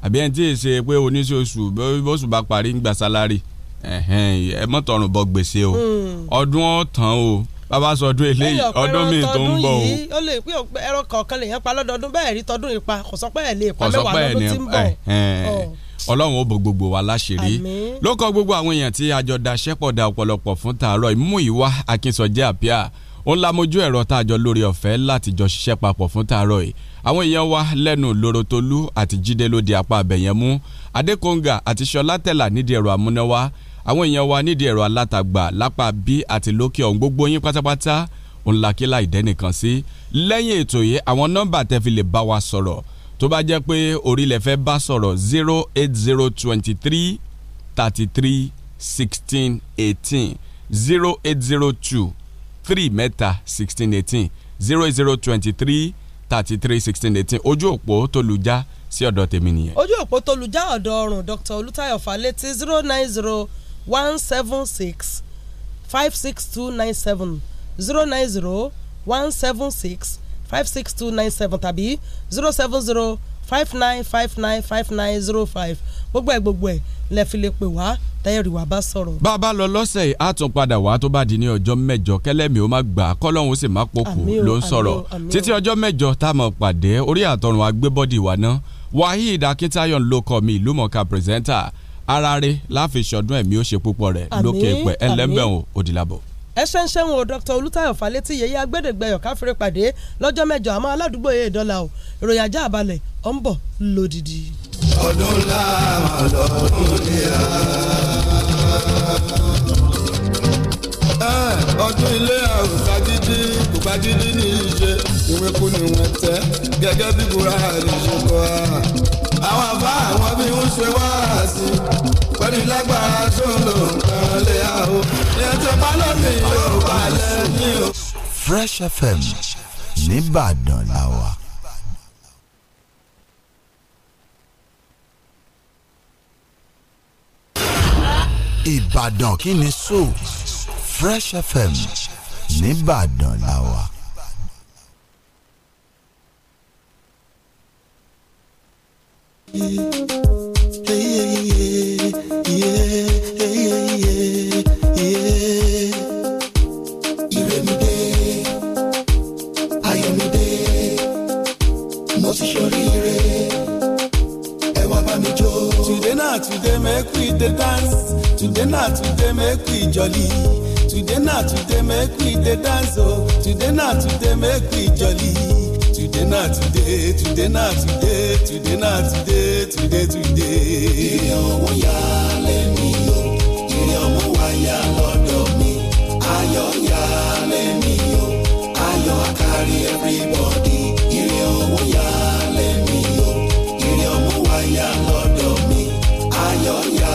àbí ẹni tí ì ṣe pé oníṣẹ́ oṣù bóṣù bá parí ń gba sálárì ẹ mọ́ tọrùn bọ gbèsè o hmm. ọdún ọ̀tàn o. Mm bàbá sọdún eléyìí ọdún míì tó ń bọ̀ o. ó lè pín ẹran kọ̀ọ̀kan lè yẹn pa lọ́dọọdún bẹ́ẹ̀ rí tọdún ipa kò sọ pé ẹ̀ lè pa mẹ́wàá lọ́dún tí ń bọ̀. ọlọ́run ó bo gbogbo wa láṣìírí ló kọ́ gbogbo àwọn èèyàn tí àjọ daṣẹ́ pọ̀ da ọ̀pọ̀lọpọ̀ fún tààrọ̀ ìmú ìwá akínsọ̀jẹ́ àpíà ó ń lamojú ẹ̀rọ tá a jọ lórí ọ̀fẹ́ láti jọ ṣiṣẹ́ papọ̀ fún tààrọ̀ yìí àwọn èèyàn wa lẹ́nu lórotolú àti jíde lóde apá abẹ̀yẹn adékòǹgà àti ṣọlá tẹ̀là nídìí ẹ̀rọ amúnáwá àwọn èèyàn wa nídìí ẹ̀rọ alátagbà lápá bí àti lókè ọ̀hún gbogbo yín pátápátá ńlákílà ìdẹ́nìkan sí lẹ́yìn ètò yìí àwọn nọ́mbà tẹ́ fi lè bá wa sọ̀rọ̀ tó bá jẹ́ pé orílẹ̀ fẹ́ bá sọ̀rọ̀ zero eight zero twenty three thirty three sixteen eighteen zero eight zero two three mẹ́ta sixteen eighteen zero eight zero twenty three thirty three sixteen eighteen ojú òpó tó lu já sí ọ̀dọ̀ tèmi nìyẹn. ojú òpó tó lu já ọ̀dọ̀ ọ̀run Dr. Olùtayọ̀ Fálétí zero nine zero one seven six five six two nine seven zero nine zero one seven six five six two nine seven tàbí zero seven zero five nine five nine five nine zero five gbogbo ẹ̀ gbogbo ẹ̀ lẹ fi lè pè wá táyẹ̀rì wa bá sọ̀rọ̀. bá a bá lọ lọ́sẹ̀ yìí a tún padà wá tó bá di ní ọjọ́ mẹ́jọ kẹlẹ́mi ó má gbà á kọ́lọ́hún ó sì má pokù ló ń sọ̀rọ̀ títí ọjọ́ mẹ́jọ tá a mọ̀ pàdé orí àtọ̀run agbébọ́dì wa ná Waheed Akintayo ló kọ mi ìlúmọ̀ọ́ká pírẹsẹ́ńtà ara rẹ̀ láfi ṣọdún ẹ̀mí ó ṣe púpọ̀ rẹ̀ lókè èpẹ̀ ẹlẹ́mbẹ̀hùn òdìlábọ̀ ẹ ṣe ń ṣẹ́wọ̀n o Dr. Olútáyọ̀ Fálétí yẹ̀yẹ́ agbẹ́dẹ̀gbẹ́yọ̀ káfíńrẹ́ pàdé lọ́jọ́ mẹ́jọ àmọ́ aládùúgbò yẹ̀ dọ́là o ìròyìn ajá àbálẹ̀ ọ̀ ń bọ̀ lódìdí. ọdún ńlá ọdún ìyá àgbà gidi ní í ṣe ìwé kú ni wọ́n tẹ́ gẹ́gẹ́ bí Buhari ṣe kọ́ a. àwọn àbá àwọn bí ń ṣe wá sí pẹ̀lú lágbára tó ń lò nǹkan lé àwọ̀ ètò pálọ́ọ̀mì yóò wà lẹ́yìn o. Fresh FM nìbàdàn làwà. Ìbàdàn kí ni so Fresh FM nìbàdàn la wà. Ìrèmídé, Ayọ̀mídé, mo ti ṣoríire, ẹ wá bá Today not today make we dey dance, today not today make we jolly today na today make we dey dance o oh. today na today make we jolly today na today today na today today na today today today. ire owó yá lẹ́mi o ire ọmọ wa yá lọ́dọ̀ mi ayọ̀ yá lẹ́mi o ayọ̀ akari everybody ire owó yá o ire ọmọ wa yá lọ́dọ̀ mi ayọ̀ yá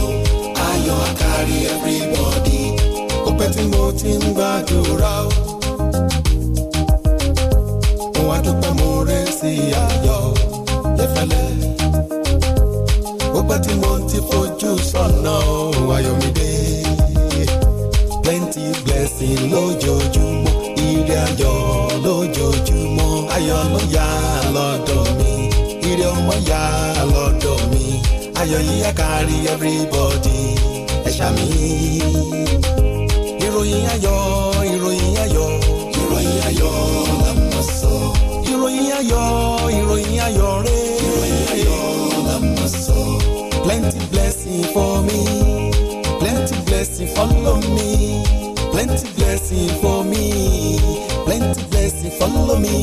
o ayọ̀ kárí everybody tí mo ti ń gbàdúrà o. mo wá dúpẹ́ mo rẹ̀ sí ayọ̀ lẹ́fẹ̀lẹ́. gbogbo tí mo ti fojú sọ́nà o ayọ̀mídé. plenty blessing lójoojúmọ́ ire ayọ̀ lójoojúmọ́ ayọ̀ ló yá lọ́dọ̀ mi ire ọmọ yá lọ́dọ̀ mi ayọ̀ yíyá kárí everybody ẹ ṣá mi ìròyìn ayọ̀ ìròyìn ayọ̀ ìròyìn ayọ̀ la máa sọ. ìròyìn ayọ̀ ìròyìn ayọ̀ rẹ. ìròyìn ayọ̀ la máa sọ. plenty blessing for me plenty blessing follow me plenty blessing for me plenty blessing follow me.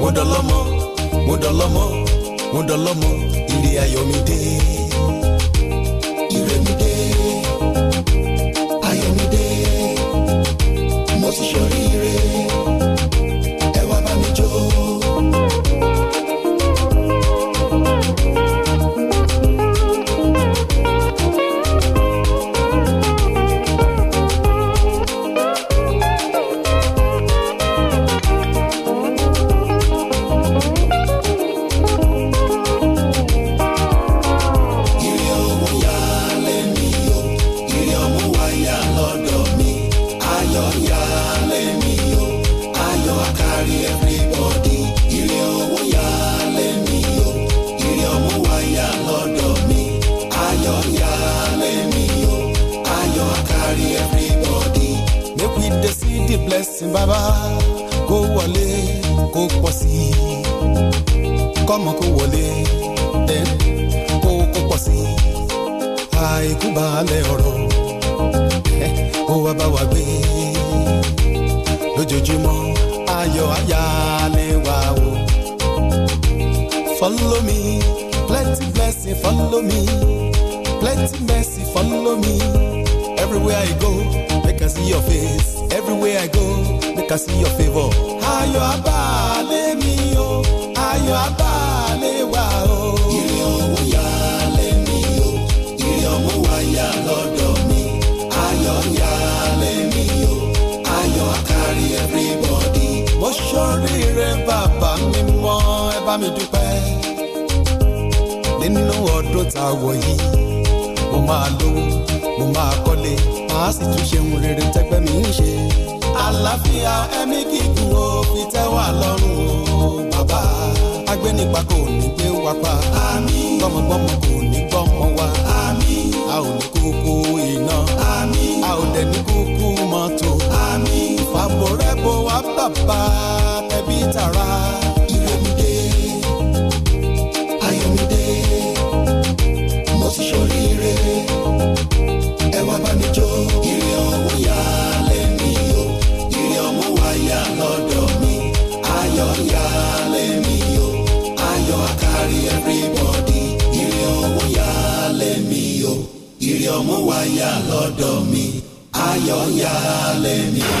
mo dọ̀lọ́mọ mo dọ̀lọ́mọ mo dọ̀lọ́mọ ilé ayọ̀ mi dé. ọ̀rọ̀ ó wá bá wa gbé lójoojúmọ́ ayọ̀ ayáléwà o. follow me plenty blessing follow me plenty mercy follow me everywhere I go make I see your face everywhere I go make I see your favour ayọ̀ abá lé mi o ayọ̀ abá. sóríire bàbá mi mọ́ ẹ bá mi dúpẹ́ nínú ọdún tá a wọ̀ yìí mo máa lówó mo máa kọ́lé màá sì tún ṣe ohun rere tẹ́gbẹ́ mi ń ṣe. àlàáfíà ẹ̀mí gígùn ó fi tẹ́ wà lọ́rùn bàbá agbẹ́nipa kò ní gbé wa pa àmín gbọ́mọgbọ́mọ kò ní gbọ́mọ wa àmín a ò ní kókó iná àmín a ò dẹ̀ ní kókó gbogbo wa bàbá tẹbí tara. ìrèmídé ayọ̀mídé mo ti ṣoríire ẹ wá bá mi jó ire ọ̀hún yá lẹ́mí o ire ọmọ wa yá lọ́dọ̀ mi ayọ̀ yá lẹ́mí o ayọ̀ àkárí everybody ire ọ̀hún yá lẹ́mí o ire ọmọ wa yá lọ́dọ̀ mi ayọ̀ yá lẹ́mí o.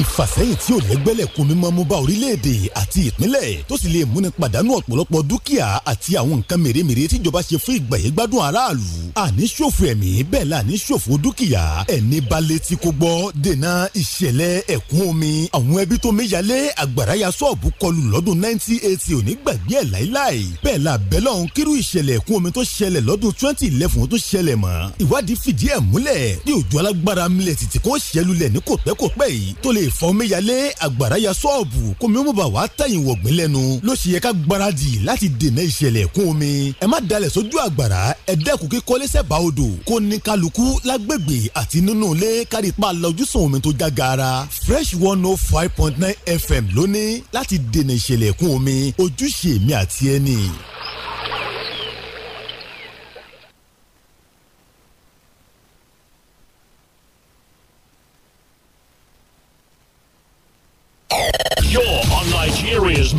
ìfàsẹ́yìn tí ò lẹ́gbẹ́lẹ̀kùn mímọ́ mú bá orílẹ̀-èdè àti ìpínlẹ̀ tó sì lè múni pàdánù ọ̀pọ̀lọpọ̀ dúkìá àti àwọn nǹkan mèremère tíjọba ṣe fún ìgbàyẹ̀gbádùn aráàlú àní ṣòfò ẹ̀mí bẹ́ẹ̀ la ní ṣòfò dúkìá ẹni bá létí kó gbọ́ dènà ìṣẹ̀lẹ̀ ẹ̀kún omi àwọn ẹbí tó méyalé àgbàrá ya sọ́ọ̀bù kọlù lọ́dún 1980 òní gbàgbé ẹ̀ láíláì bẹ́ẹ̀ la bẹ́lọ̀n kírú ìṣẹ̀lẹ̀ ẹ̀kún omi tó ṣẹlẹ̀ lọ́dún 2011 tó ṣẹlẹ̀ mọ́ ìwádìí fìdí ẹ̀ múlẹ̀ ní òjò alágbára milẹ̀ tìtì kó ṣẹlulẹ̀ ní kòpẹ́kòpẹ́ yìí tó lè ìfọ̀mẹ́yàlé àgbàrá ya sọ́ọ̀bù kómi ó mọ̀ bá wàá tẹ̀yìn wọ̀gbìn lẹ́nu ló ṣe yẹ ká gbáradì láti dènà ìṣẹ̀lẹ̀ kún omi ẹ má dalẹ̀ sójú àgbàrá ẹ dẹ́kun kíkọ́lé sẹ́bà odò kó ní kálukú lágbègbè àti nínú ilé kárí pa lọ́júsùn omi tó já gaara fresh one oh five point nine fm lónìí láti dènà ìṣẹ̀lẹ̀ kún omi ojúṣe mi àti ẹni.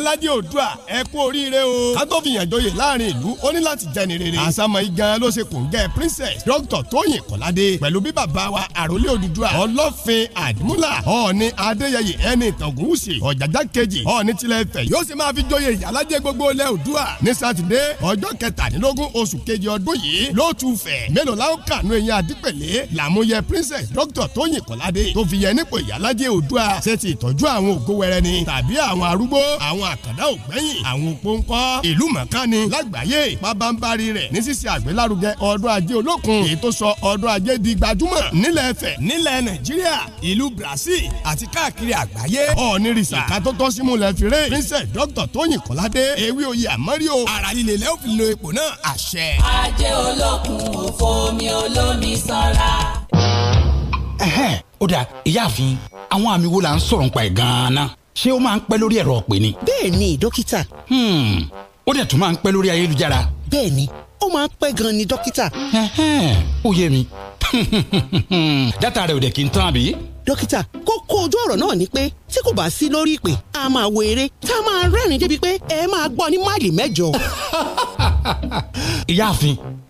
alhaji odua ẹ kú oríire o ká tó fi yàn joyè láàrin ìlú ó ní láti jẹni rere àsámọ igan ló ṣe kòńgẹ́ princess dr tóyìn kọ́ládé pẹ̀lú bí bàbá wa àròlé odùdúà ọlọ́fin àdìmúlà ọ̀ọ́ni adéyẹyè ẹni ìtàngúnwùsì ọ̀jàjà kejì ọ̀ọ́ni tilẹ̀ ifẹ̀ yóò sì máa fi joyè ìyálàjẹ gbogbo ilẹ̀ odua ní sátidé ọjọ́ kẹtàdínlógún oṣù kejì ọdún yìí lóòtú fẹ̀ mélòó la ó kànú eyín adípẹ̀lẹ́ làmúyẹ princess doctor tóyìn kọ́ládé tó fi yẹ nípò ìyálàjẹ odua ṣe ti ìtọ́jú àwọn ògo wẹrẹ ni tàbí àwọn àkàndá ò gbẹ́yìn àwọn òpó ń kọ́ ìlú mọ̀ká lágbàáyé pabambari rẹ̀ ní ṣíṣe àgbélárugẹ ọdún ajé olókun èyí tó sọ ọdún ajé di gbajúmọ̀ nílẹ̀ ẹ̀fẹ̀ nílẹ̀ nàìjíríà ìlú brazil àti káàkiri àgbáyé ọ̀ọ́nirìsà ìkátótó símú lẹ fi ré princess doctor tóyìn kọ́ládé ewé oyè àmọ́ríò ara líle lẹ́ òfin lo ipò náà àṣẹ. ajé olókun òfò omi olómi sanra. ẹ̀hẹ́ ó dà ìyáàfin àwọn àmì wo la ń sọ̀rọ̀ nípa ẹ̀ gan-an náà ṣé ó máa ń pẹ́ lórí ẹ̀rọ ọ̀pẹ ni. bẹ́ẹ̀ni dókítà. Hmm, ó dẹ̀ tún máa ń pẹ́ lórí ayélujára. bẹ́ẹ̀ni ó máa ń pẹ́ gan-an ni dókítà. ó yé mi dátà rẹ̀ ò dẹ̀ kí n tán àbí. dókítà kókó ojú ọ̀rọ̀ náà ni pé tí kò bá sí lórí ìpè a máa wo eré tá a máa rẹ́rìn-ín débi pé ẹ máa gbọ́ ní máìlì mẹ́jọ. ìyáàfin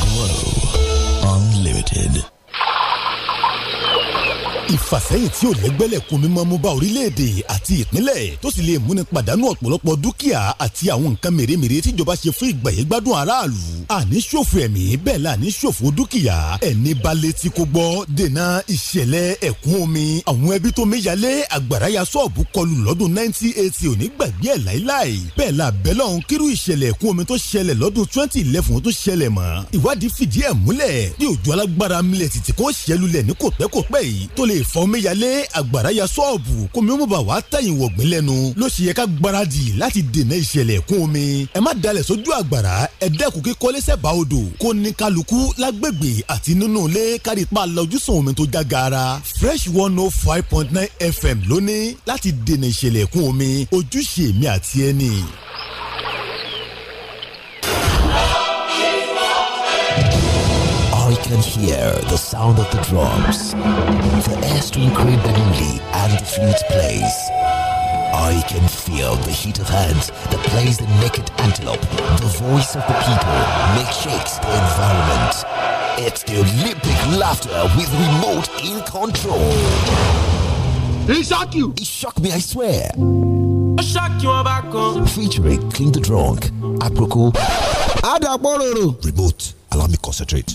Glow Unlimited. ìfàsẹ́yìn tí ò lẹ́gbẹ́lẹ̀kùn mímọ́ mú bá orílẹ̀-èdè àti ìpínlẹ̀ tó sì lè múni pàdánù ọ̀pọ̀lọpọ̀ dúkìá àti àwọn nǹkan mèremère tíjọba ṣe fún ìgbàyẹ̀gbádùn aráàlú àní ṣòfò ẹ̀mí bẹ́ẹ̀ la ní ṣòfò dúkìá ẹni bá létí kó gbọ́ dènà ìṣẹ̀lẹ̀ ẹ̀kún omi àwọn ẹbí tó méyalé àgbàrá ya sọ́ọ̀bù kọlù lọ́dún 1980 òní gbàgbé ẹ̀ láíláì bẹ́ẹ̀ la bẹ́lọ̀hún kírú ìṣẹ̀lẹ̀ ẹ̀kún omi tó ṣẹlẹ̀ lọ́dún 2011 tó ṣẹlẹ̀ mọ́ ìwádìí fìdí ẹ̀ múlẹ̀ bí òjò alágbára milẹ̀ tìtì kó ṣẹlulẹ̀ ìfọ́nmẹ́yàlé àgbàrá sọ́ọ̀bù kómi ó mọ̀ bá tẹ̀yìn wọ̀gbìn lẹ́nu ló ṣe yẹ ká gbáradì láti dènà ìṣẹ̀lẹ̀ kún omi ẹ má dalẹ̀ sójú àgbàrá ẹ dẹ́kun kíkọ́lé sẹ́bàá odò kó ní kálukú lágbègbè àti nínú ilé kárí pa lọ́júsùn omi tó já gaara fresh one oh five point nine fm lónìí láti dènà ìṣẹ̀lẹ̀ kún omi ojúṣe mi àti ẹni. can hear the sound of the drums, the airstream twinkling bellingly, and the flute plays. I can feel the heat of hands that plays the naked antelope. The voice of the people shakes the environment. It's the Olympic laughter with remote in control. It shocked you! It shocked me, I swear. you Featuring Clean the Drunk, Aproko, Adaporo. Remote, allow me concentrate.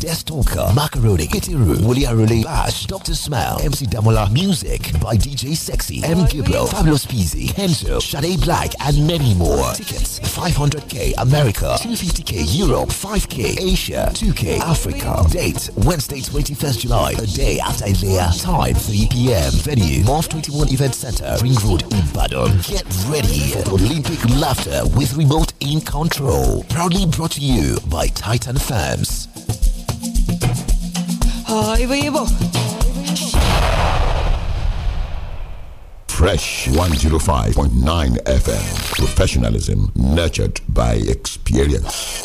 Death Talker, Macaroni, Kitiru, Willie Arule, Bash, Dr. Smile, MC Damola, Music by DJ Sexy, M. Giblo, Fabulous Peasy, Henzo, Sade Black, and many more. Tickets 500k America, 250k Europe, 5k Asia, 2k Africa. Date Wednesday, 21st July, a day after Ilea. Time 3 p.m. Venue Morph 21 Event Center, Ring Road, Ibadan. Get ready for Olympic laughter with remote in control. Proudly brought to you by Titan Fans. Hi, Weibo. Fresh 105.9 FM. Professionalism nurtured by experience.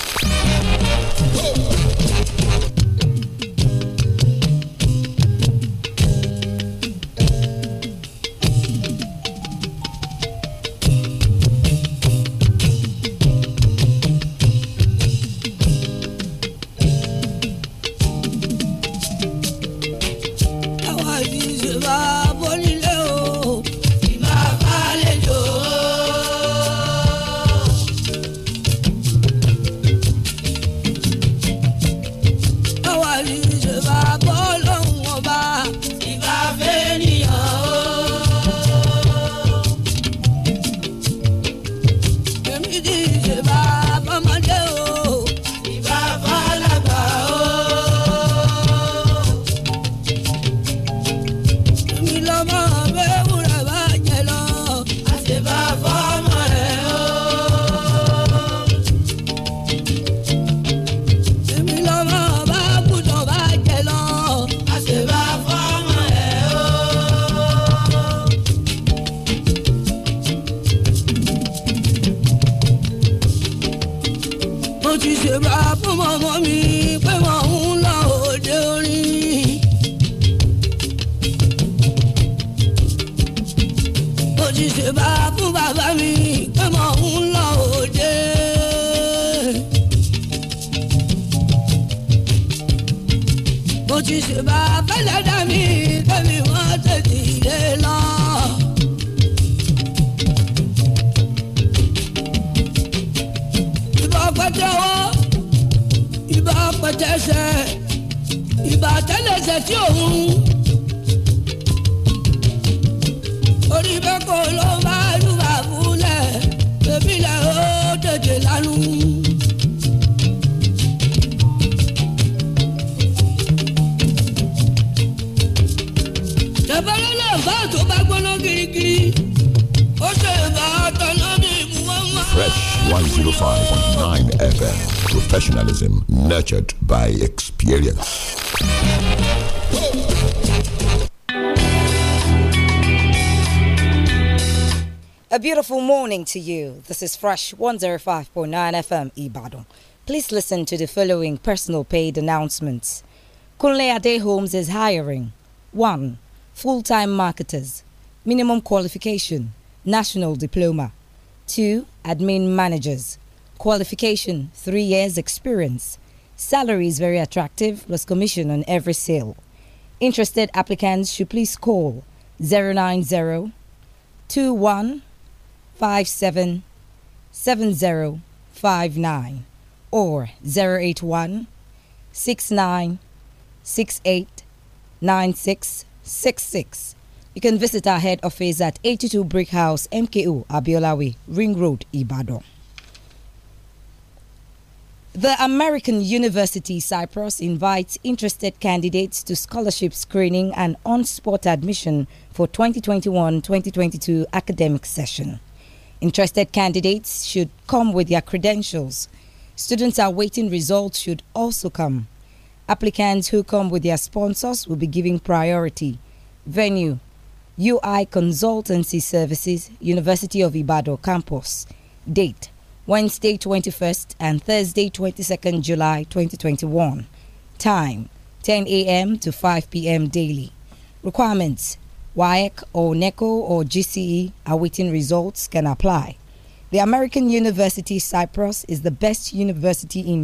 Fresh 105.9 FM. Professionalism nurtured by experience. A beautiful morning to you. This is Fresh 105.9 FM Ibadan. Please listen to the following personal paid announcements. Kunle Ade Homes is hiring 1. Full time marketers, minimum qualification national diploma. 2. Admin managers. Qualification 3 years experience. Salary is very attractive plus commission on every sale. Interested applicants should please call 090 2157 7059 or 081 69 9666. You can visit our head office at 82 Brick House, MKO, Abiolawe, Ring Road, Ibadan. The American University Cyprus invites interested candidates to scholarship screening and on spot admission for 2021 2022 academic session. Interested candidates should come with their credentials. Students awaiting results should also come. Applicants who come with their sponsors will be given priority. Venue UI Consultancy Services, University of Ibadan Campus. Date Wednesday 21st and Thursday 22nd July 2021. Time 10 a.m. to 5 p.m. daily. Requirements WIEC or NECO or GCE awaiting results can apply. The American University Cyprus is the best university in